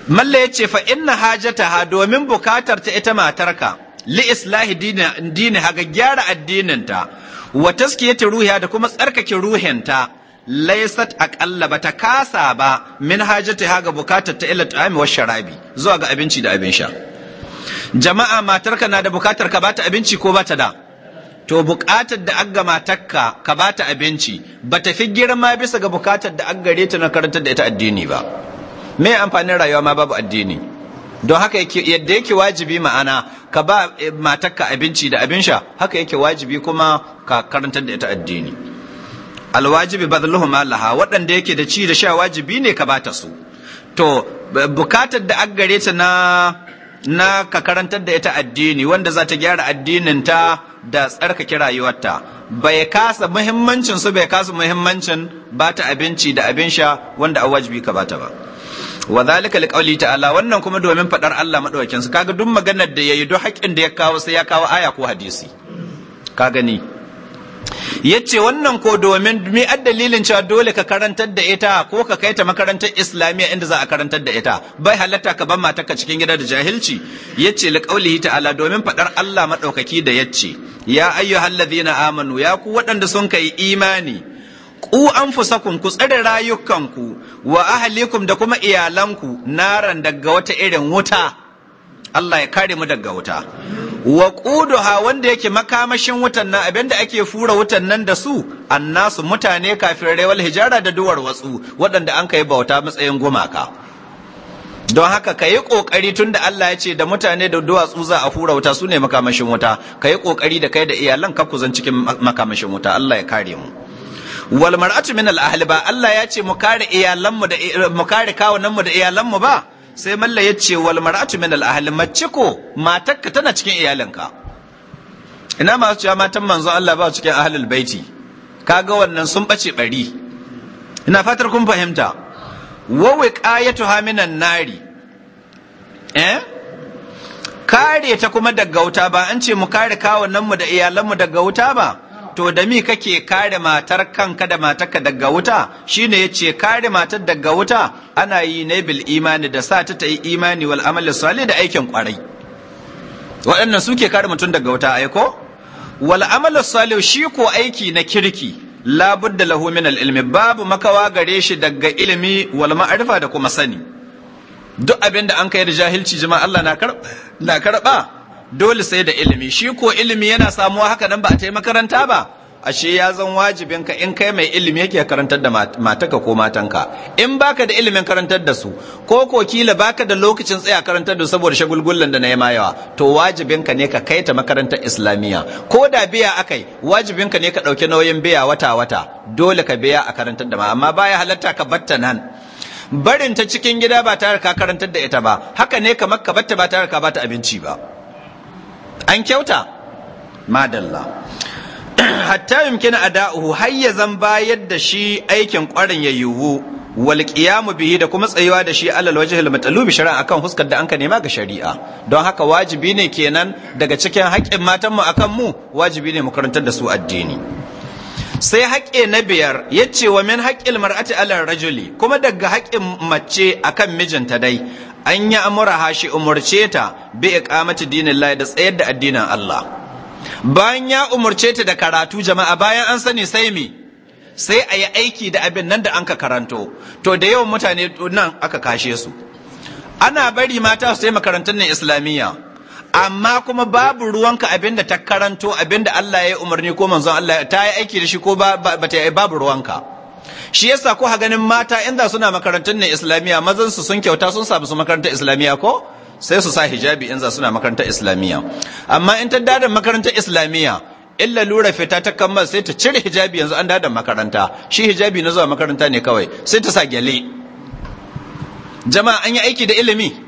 malla ya ce fa inna hajataha domin bukatar ta ita matarka li islahi dini haga gyara addininta wa taskiyati ruhiya da kuma tsarkake ruhinta laysat aqalla bata kasa ba min hajati haga bukatar ta ila ta'ami wa sharabi zuwa ga abinci da abin sha jama'a matarka na da bukatar ka bata abinci ko bata da to bukatar da aga matarka ka bata abinci bata fi girma bisa ga bukatar da aga gare ta na karantar da ita addini ba me amfanin rayuwa ma babu addini don haka yadda yake wajibi ma'ana ka ba matarka abinci da abin sha haka yake wajibi kuma ka karantar da ita addini alwajibi baluhu malaha waɗanda yake da ci da sha wajibi ne ka bata su to bukatar da an ta na na ka karantar da ita addini wanda za ta gyara addinin ta da tsarkake rayuwarta bai kasa muhimmancin su bai kasa muhimmancin bata abinci da abin sha wanda a wajibi ka bata ba wa zalika liqauli ta'ala wannan kuma domin fadar Allah madaukakin su kaga duk maganar da yayi duk haƙin da ya kawo sai ya kawo aya ko hadisi ka gani yace wannan ko domin me dalilin cewa dole ka karantar da ita ko ka kai ta makarantar islamiyya inda za a karantar da ita bai halatta ka ban matarka cikin gida da jahilci yace liqauli ta'ala domin fadar Allah madaukaki da yace ya ayyuhallazina amanu ya ku waɗanda sun kai imani ku anfusakum ku tsare rayukanku wa ahlikum da kuma iyalanku naran daga wata irin wuta Allah ya kare mu daga wuta wa quduha wanda yake makamashin wutan nan abinda ake fura wutan nan da su annasu mutane kafin wal hijara da duwar watsu waɗanda an kai bauta matsayin gumaka don haka ka yi ƙoƙari tun da Allah ya ce da mutane da duwatsu za a fura wuta su ne makamashin wuta ka yi ƙoƙari da kai da iyalan ka kuzan cikin makamashin wuta Allah ya kare mu wal mar'atu min al ahli ba Allah ya ce mu kare mu da mu kare mu da mu ba sai malla ya ce wal mar'atu min al ahli mace ko matarka tana cikin iyalinka. ina masu cewa matan manzo Allah ba cikin ahlul baiti kaga wannan sun bace bari ina fatar kun fahimta wa ha minan nari eh kare ta kuma daga wuta ba an ce mu kare mu da iyalan mu daga wuta ba to da mi kake kare matar kanka da matarka daga wuta shine ce kare matar daga wuta ana yi ne bil imani da sa ta ta yi imani wal amali salih da aikin kwarai waɗannan suke kare mutum daga wuta aiko? ko wal amali salih shi ko aiki na kirki labudda lahu min al ilmi babu makawa gare shi daga ilimi wal ma'rifa da kuma sani duk abin da an kai da jahilci jama'a Allah na karba dole sai da ilimi shi ko ilimi yana samuwa haka nan ba a tai makaranta ba ashe ya zan wajibin ka in kai mai ilimi yake karantar da mataka ko matanka in baka da ilimin karantar da su ko ko kila baka da lokacin tsaya karantar da saboda shagulgullan da na yama yawa to wajibin ka ne ka kai ta makarantar islamiyya ko da biya akai wajibin ka ne ka dauki nauyin biya wata wata dole ka biya a karantar da ma amma baya halatta ka batta nan barin ta cikin gida ba tare ka karantar da ita ba haka ne kamar ka batta ba tare ka bata abinci ba an kyauta madalla hatta yumkin ada'uhu har ya zan bayar da shi aikin kwarin ya yiwu wal qiyamu bihi da kuma tsayuwa da shi alal al matalubi shar'an akan huskar da ka nema ga shari'a don haka wajibi ne kenan daga cikin haƙƙin matan mu akan mu wajibi ne mu karantar da su addini sai haƙƙe na biyar ya ce wa min haƙƙin mar'ati alal rajuli kuma daga haƙƙin mace akan mijinta dai an yi amura shi umarce ta bi iqamati dinillahi da tsayar da addinin Allah bayan ya umarce ta da karatu jama'a bayan an sani sai mi sai a yi aiki da abin nan da an ka karanto to da yawan mutane nan aka kashe su ana bari mata su yi makarantar nan islamiyya amma kuma babu ruwanka abin da ta karanto abin da Allah ya yi umarni ko manzon Allah ta yi aiki da shi ko ba ta babu ruwanka shi yasa ko ganin mata in za suna makarantun nan islamiyya mazan su sun kyauta sun samu su makarantar islamiyya ko sai su sa hijabi in za suna makarantar islamiyya amma in ta dada makarantar islamiyya illa lura fita ta kammal, sai ta cire hijabi yanzu an dada makaranta shi hijabi na zuwa makaranta ne kawai sai ta sa gyale jama'a an yi aiki da ilimi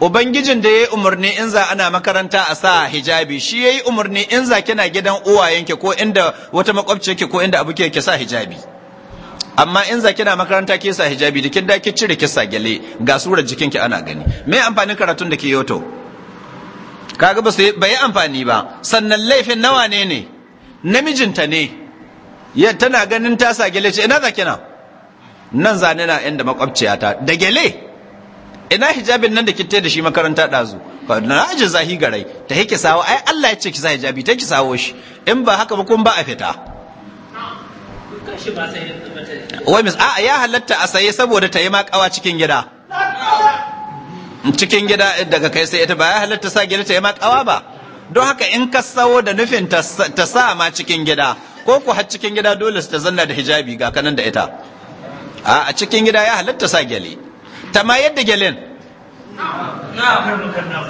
Ubangijin da ya yi umarni in za ana makaranta a sa hijabi, shi ya yi umarni in za kina gidan uwayenki ko inda wata makwabci yake ko inda abu ke sa hijabi. amma in za kina makaranta ke sa hijabi da kin da ki cire kisa gele, ga surar jikin ki ana gani me amfanin karatun da ke yoto kaga ba sai bai amfani ba sannan laifin nawa ne ne namijinta ne ya tana ganin ta sa gyale ce ina za kina nan zane na inda ta, da gyale ina hijabin nan da kitte da shi makaranta ɗazu na aji zahi garai ta hike sawo ai Allah ya ce ki sa hijabi ta ki sawo shi in ba haka ba kun ba a fita wai mis a ya halatta a saye saboda ta yi ma cikin gida cikin gida daga kai sai ita ba ya halatta sa gida ta yi ma ba don haka in ka sawo da nufin ta sa ma cikin gida ko ku har cikin gida dole su ta zanna da hijabi ga kanan da ita a cikin gida ya halatta sa gyale ta ma yadda gyalen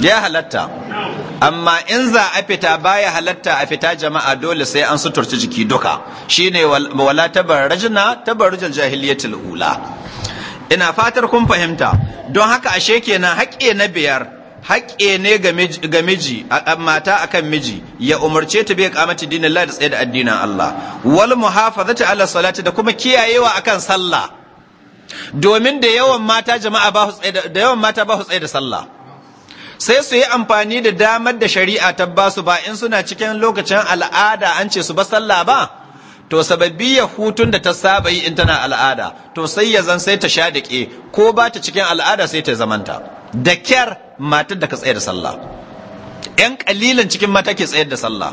ya halatta amma in za a fita baya halatta a fita jama'a dole sai an suturci jiki duka shine wala tabarrajna tabarrujal jahiliyatul ula ina fatar kun fahimta don haka ashe kenan haƙe na biyar haƙe ne ga miji mata akan miji ya umarce ta bai kamata dinin Allah da tsaye da addinin Allah wal muhafazatu ala salati da kuma kiyayewa akan sallah domin da yawan mata jama'a ba da yawan mata ba su da sallah sai su yi amfani da damar da shari'a ta ba su ba in suna cikin lokacin al'ada an ce su ba sallah ba to sababbi ya hutun da ta saba yi in tana al'ada to sai ya zan sai ta sha ke ko ba ta cikin al'ada sai ta zamanta da kyar matar da ka tsaye da sallah yan kalilan cikin mata ke tsayar da sallah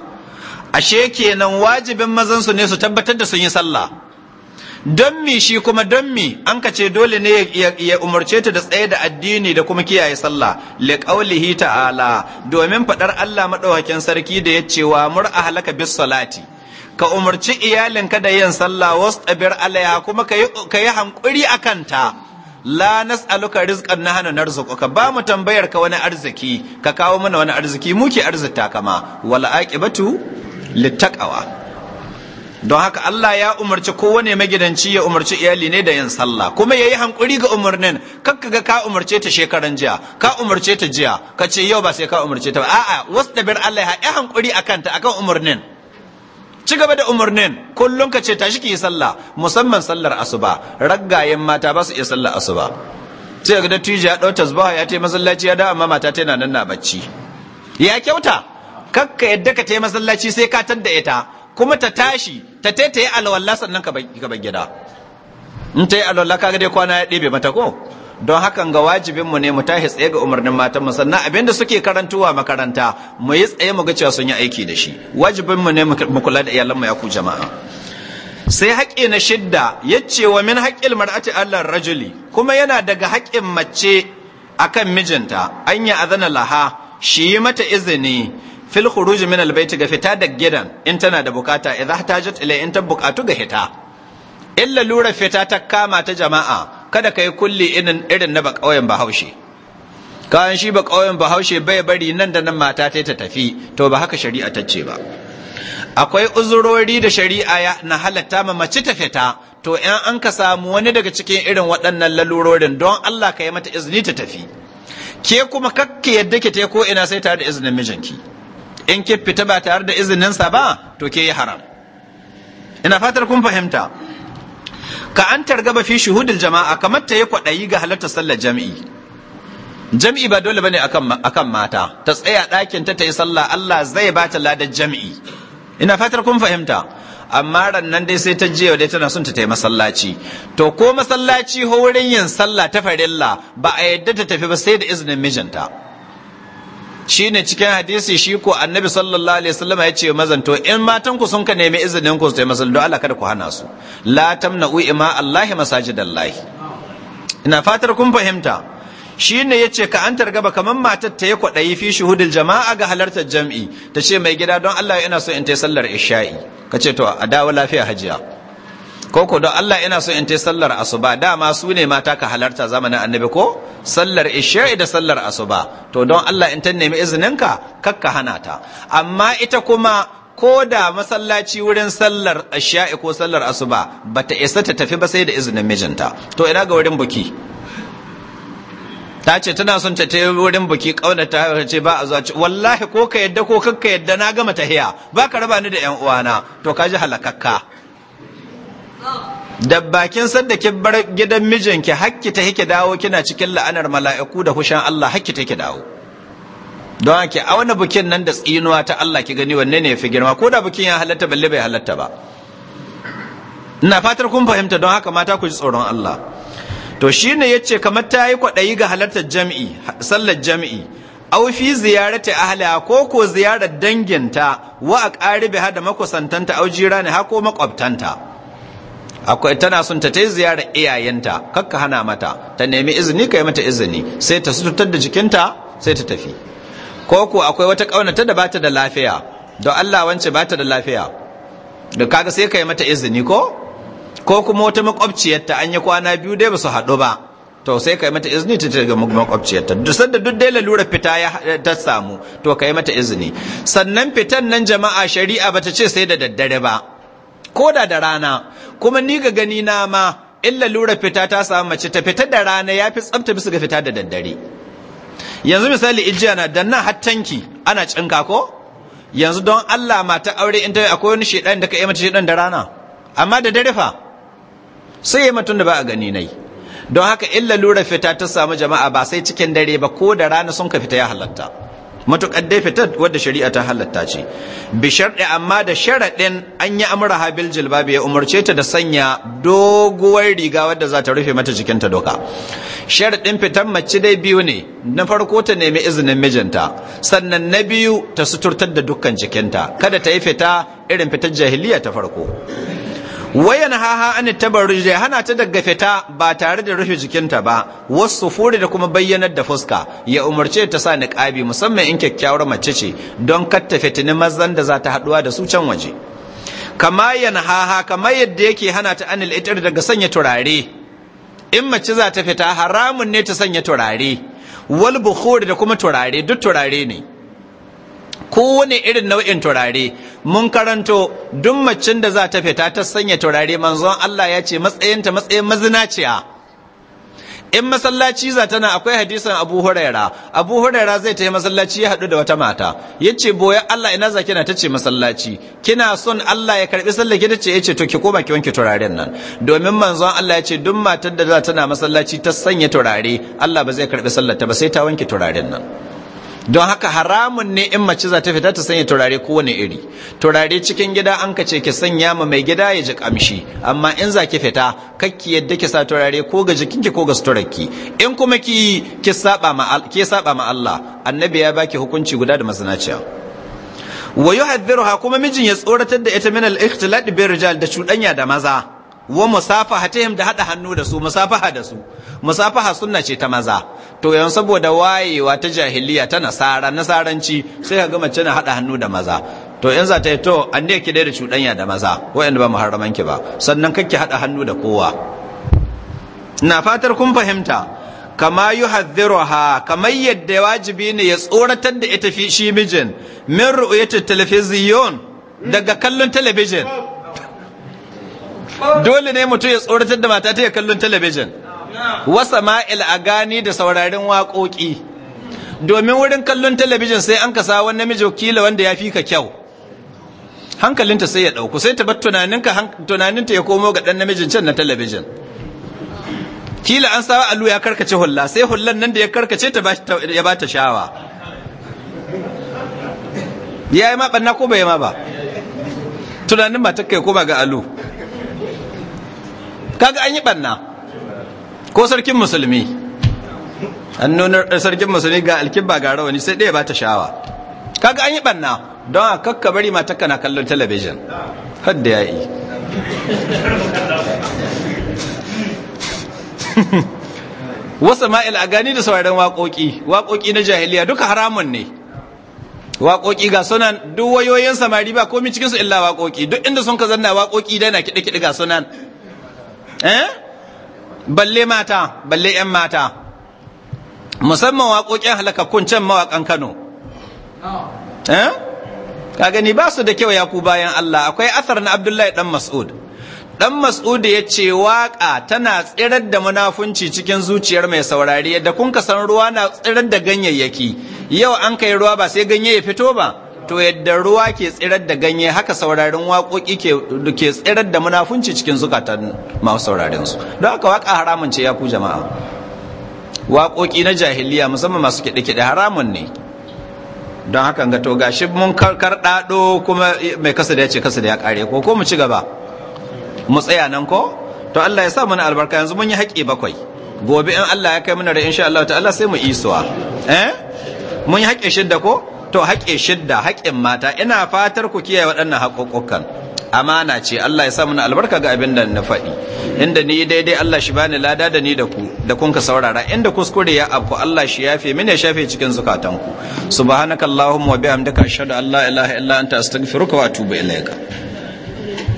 ashe kenan wajibin mazan su ne su tabbatar da sun yi sallah don mi shi kuma don mi an ka ce dole ne ya umarce ta da tsaye da addini da kuma kiyaye sallah li qaulihi ta'ala domin faɗar Allah madaukakin sarki da ya ce wa mur ahlaka bis salati ka umarci iyalinka da yin sallah wasu wastabir alaya kuma ka yi hankuri a kanta la nas'aluka rizqan nahnu ka ba mu tambayar ka wani arziki ka kawo mana wani arziki muke arzita kama wal aqibatu littaqwa don haka Allah ya umarci kowane magidanci ya umarci iyali ne da yin sallah kuma yayi hankuri ga umarnin kakka ga ka umarce ta shekaran jiya ka umarce ta jiya kace yau ba sai ka umarce ta ba a'a wasdabir Allah ya hankuri akan ta akan umarnin ci gaba da umarnin kullum ka ce tashi ki yi sallah musamman sallar asuba raggayen mata ba su iya sallar asuba sai ga dattijo ya dauta zuba ya tai masallaci ya da amma mata tana nan na bacci ya kyauta kakka yadda ka tai masallaci sai ka tadda ita kuma ta tashi ta tai ta yi alwallah sannan ka bar gida in ta yi alwallah kaga dai kwana ya ɗebe mata ko don hakan ga wajibin mu ne mu tashi tsaye ga umarnin matan mu sannan abinda suke karantuwa makaranta mu yi tsaye mu ga cewa sun yi aiki da shi wajibin mu ne mu kula da iyalan mu ya ku jama'a sai haƙƙi na shidda yace wa min haƙƙil mar'ati Allah rajuli kuma yana daga haƙƙin mace akan mijinta an yi azana laha shi yi mata izini fil khuruj min al bayt ga fita da gidan in tana da bukata idza hatajat ila in ta bukatu ga hita illa lura fita ta kama ta jama'a kada kai kulli irin irin na bakauyen bahaushe kayan shi bakauyen bahaushe bai bari nan da nan mata ta ta tafi to ba haka shari'a ta ce ba akwai uzurori da shari'a ya na halatta ma mace ta fita to in an ka samu wani daga cikin irin waɗannan lalurorin don Allah ka yi mata izini ta tafi ke kuma kakke yadda ke ko ina sai tare da izinin mijinki in ke fita ba tare da izinin sa ba to ke yi haram ina fatar kun fahimta ka an targaba fi shuhudul jama'a kamar ta yi kwaɗayi ga halartar sallar jam'i Jam'ii ba dole bane akan mata ta tsaya ɗakin ta ta yi sallah Allah zai ba ta ladar jam'i ina fatar kun fahimta amma ran nan dai sai ta je dai tana son ta yi masallaci to ko masallaci ho wurin yin sallah ta farilla ba a yadda ta tafi ba sai da izinin mijinta Shi ne cikin hadisi shi ko annabi sallallahu alaihi wasallam ya ce mazanto in matan ku sun ka nemi izinin ku su tayi masallaci Allah kada ku hana su la tamna'u ima Allah masajidallahi ina fatar kun fahimta shi ya yace ka an targaba kaman matar ta yi kwaɗayi fi shuhudul jama'a ga halartar jam'i ta ce mai gida don Allah ina so in tayi sallar isha'i kace to a dawo lafiya hajiya koko don Allah ina so in ta sallar asuba dama su ne mata ka halarta zamanin annabi ko sallar isha'i da sallar asuba to don Allah in ta nemi izininka kakka hana ta amma ita kuma ko da masallaci wurin sallar isha'i ko sallar asuba bata isa ta tafi ba sai da izinin mijinta to ina ga wurin buki ta ce tana son ta tafi wurin buki kauna ta ce ba a zuwa wallahi ko ka yadda ko kakka yadda na gama tahiya ba ka raba ni da yan uwana to ka ji halakakka da bakin sanda ki bar gidan mijinki hakki ta hike dawo kina cikin la'anar mala'iku da hushan Allah hakki ta yake dawo don haka a wani bukin nan da tsinuwa ta Allah ki gani wanne ne yafi girma ko da bukin ya halatta balle bai halatta ba ina fatar kun fahimta don haka mata ku ji tsoron Allah to shine yace kamar ta yi kwaɗayi ga halartar jami'i sallar jami'i aw fi ziyarati ahliha ko ko ziyarar danginta wa aqaribiha da makusantanta aw jirani ha ko makwabtanta akwai tana son ta tai ziyarar iyayenta kakka hana mata ta nemi izini kai mata izini sai ta sutar da jikinta sai ta tafi ko ko akwai wata kaunata da bata da lafiya don Allah wance bata da lafiya da kaga sai kai mata izini ko ko kuma wata makwabciyarta an yi kwana biyu dai basu su haɗu ba to sai kai mata izini ta ga makwabciyarta duk sanda duk dai lalura fita ya ta samu to kai mata izini sannan fitan nan jama'a shari'a bata ce sai da daddare ba ko da da rana kuma ni ga gani na ma in lura fita ta samu mace ta fita da rana ya fi tsabta bisa ga fita da daddare yanzu misali ijiya na dan nan har tanki ana cinka ko yanzu don Allah mata aure in ta akwai wani shedan da ka yi mata shedan da rana amma da dare fa sai yi mutum da ba a gani nai don haka in lura fita ta samu jama'a ba sai cikin dare ba ko da rana sun ka fita ya halatta matuƙar dai fitar wadda shari'a ta halatta ce bi sharɗi amma da sharaɗin an yi amura habil jilbabi ya umarce ta da sanya doguwar riga wadda za ta rufe mata jikinta doka sharaɗin fitar mace dai biyu ne na farko ta nemi izinin mijinta sannan na biyu ta suturtar da dukkan jikinta kada ta yi fita irin fitar jahiliya ta farko wayan haha an tabarruj da hana ta daga fita ba tare da rufe jikinta ba wasu furi da kuma bayyanar da fuska ya umarce ta sa niqabi musamman in kyakkyawar mace ce don kar ta fitini mazan da za ta haduwa da su can waje kama yan haha kama yadda yake hana ta anil itir daga sanya turare in mace za ta fita haramun ne ta sanya turare wal bukhur da kuma turare duk turare ne kowane irin nau'in turare mun karanto duk macin da za ta fita ta sanya turare manzon Allah ya ce matsayinta matsayin mazinaciya in masallaci za tana akwai hadisan abu huraira abu huraira zai ta yi masallaci ya haɗu da wata mata ya ce boye allah ina za kina ta ce masallaci kina son allah ya karɓi sallah ki ta ce ya eh, ce to ki koma ki wanke turaren nan domin manzon allah ya ce duk matar da za tana masallaci ta sanya turare allah ba zai karɓi sallah ta ba sai ta wanke turaren nan don haka haramun ne in mace za ta fita ta sanya turare kowane iri turare cikin gida an ka ce ki sanya ma mai gida ya ji kamshi amma in za ki fita kakki yadda ki sa turare ko ga jikinki ko ga suturarki in kuma ki ki saba ma ki saba ma Allah annabi ya baki hukunci guda da masanaciya wa yuhadhdhiruha kuma mijin ya tsoratar da ita min al-ikhtilat bi rijal da cudanya da maza wa musafaha musafahatihim da hada hannu da su musafaha da su musafaha sunna ce ta maza to yan saboda wayewa ta jahiliya ta nasara nasaranci sai ka ga mace na hada hannu da maza to yan za ta yi to an ne ki da cuɗanya da maza wa'anda ba muharraman ki ba sannan kake haɗa hannu da kowa na fatar kun fahimta kama yuhadhdhiruha kamar yadda wajibi ne ya tsoratar da ita fi shi mijin min ru'yati television daga kallon talabijin dole ne mutum ya tsoratar da mata ta kallon talabijin wasa ma'il a gani da saurarin waƙoƙi domin wurin kallon talabijin sai an kasa wani namiji kila wanda ya fi ka kyau hankalinta sai ya ɗauku sai ta bar tunaninta ya komo ga ɗan namijin can na talabijin kila an sawa allu ya karkace hulla sai hullan nan da ya karkace ta ya ba ta shawa ya yi ma ɓanna ko bai ma ba tunanin matakai ya koma ga allu kaga an yi banna ko sarkin musulmi an nuna eh, sarkin musulmi ga alkibba ga rawani sai ɗaya ba ta shawa kaga an yi banna don a kakka bari mata kana kallon talabijin hadda ya yi wasu ma'il a gani da sauran waƙoƙi waƙoƙi na jahiliya duka haramun ne waƙoƙi ga sunan duk wayoyin samari ba komi cikinsu illa waƙoƙi duk inda sun ka zanna waƙoƙi dana kiɗe-kiɗe ga sunan eh balle mata balle yan mata musamman waƙoƙin halakakun can mawaƙan Kano eh ka gani ba su da kyau ya ku bayan Allah akwai athar na Abdullahi dan Mas'ud dan Mas'ud ya ce waƙa tana tsirar da munafunci cikin zuciyar mai saurari da kun ka san ruwa na tsirar da ganyayyaki yau an kai ruwa ba sai ganye ya fito ba to yadda ruwa ke tsirar da ganye haka saurarin waƙoƙi ke tsirar da munafunci cikin zukatan masu saurarin su don haka waƙa haramun ce ya ku jama'a waƙoƙi na jahiliya musamman masu kiɗe-kiɗe haramun ne don haka ga to gashi mun ɗaɗo kuma mai kasa da ya ce kasa da ya ƙare ko ko mu ci gaba mu tsaya nan ko to Allah ya sa mana albarka yanzu mun yi haƙi bakwai gobe in Allah ya kai mana da insha Allah ta'ala sai mu isuwa eh mun yi haƙe shidda ko to haƙe shidda haƙin mata ina fatar ku kiyaye waɗannan haƙoƙokan amana ce Allah ya sa mana albarka ga abin da na faɗi inda ni daidai Allah shi bani lada da ni da ku da kun ka saurara inda kuskure ya abku Allah shi yafe mini ya shafe cikin zukatanku subhanakallahumma wa bihamdika ashhadu an la ilaha illa anta astaghfiruka wa atubu ilayka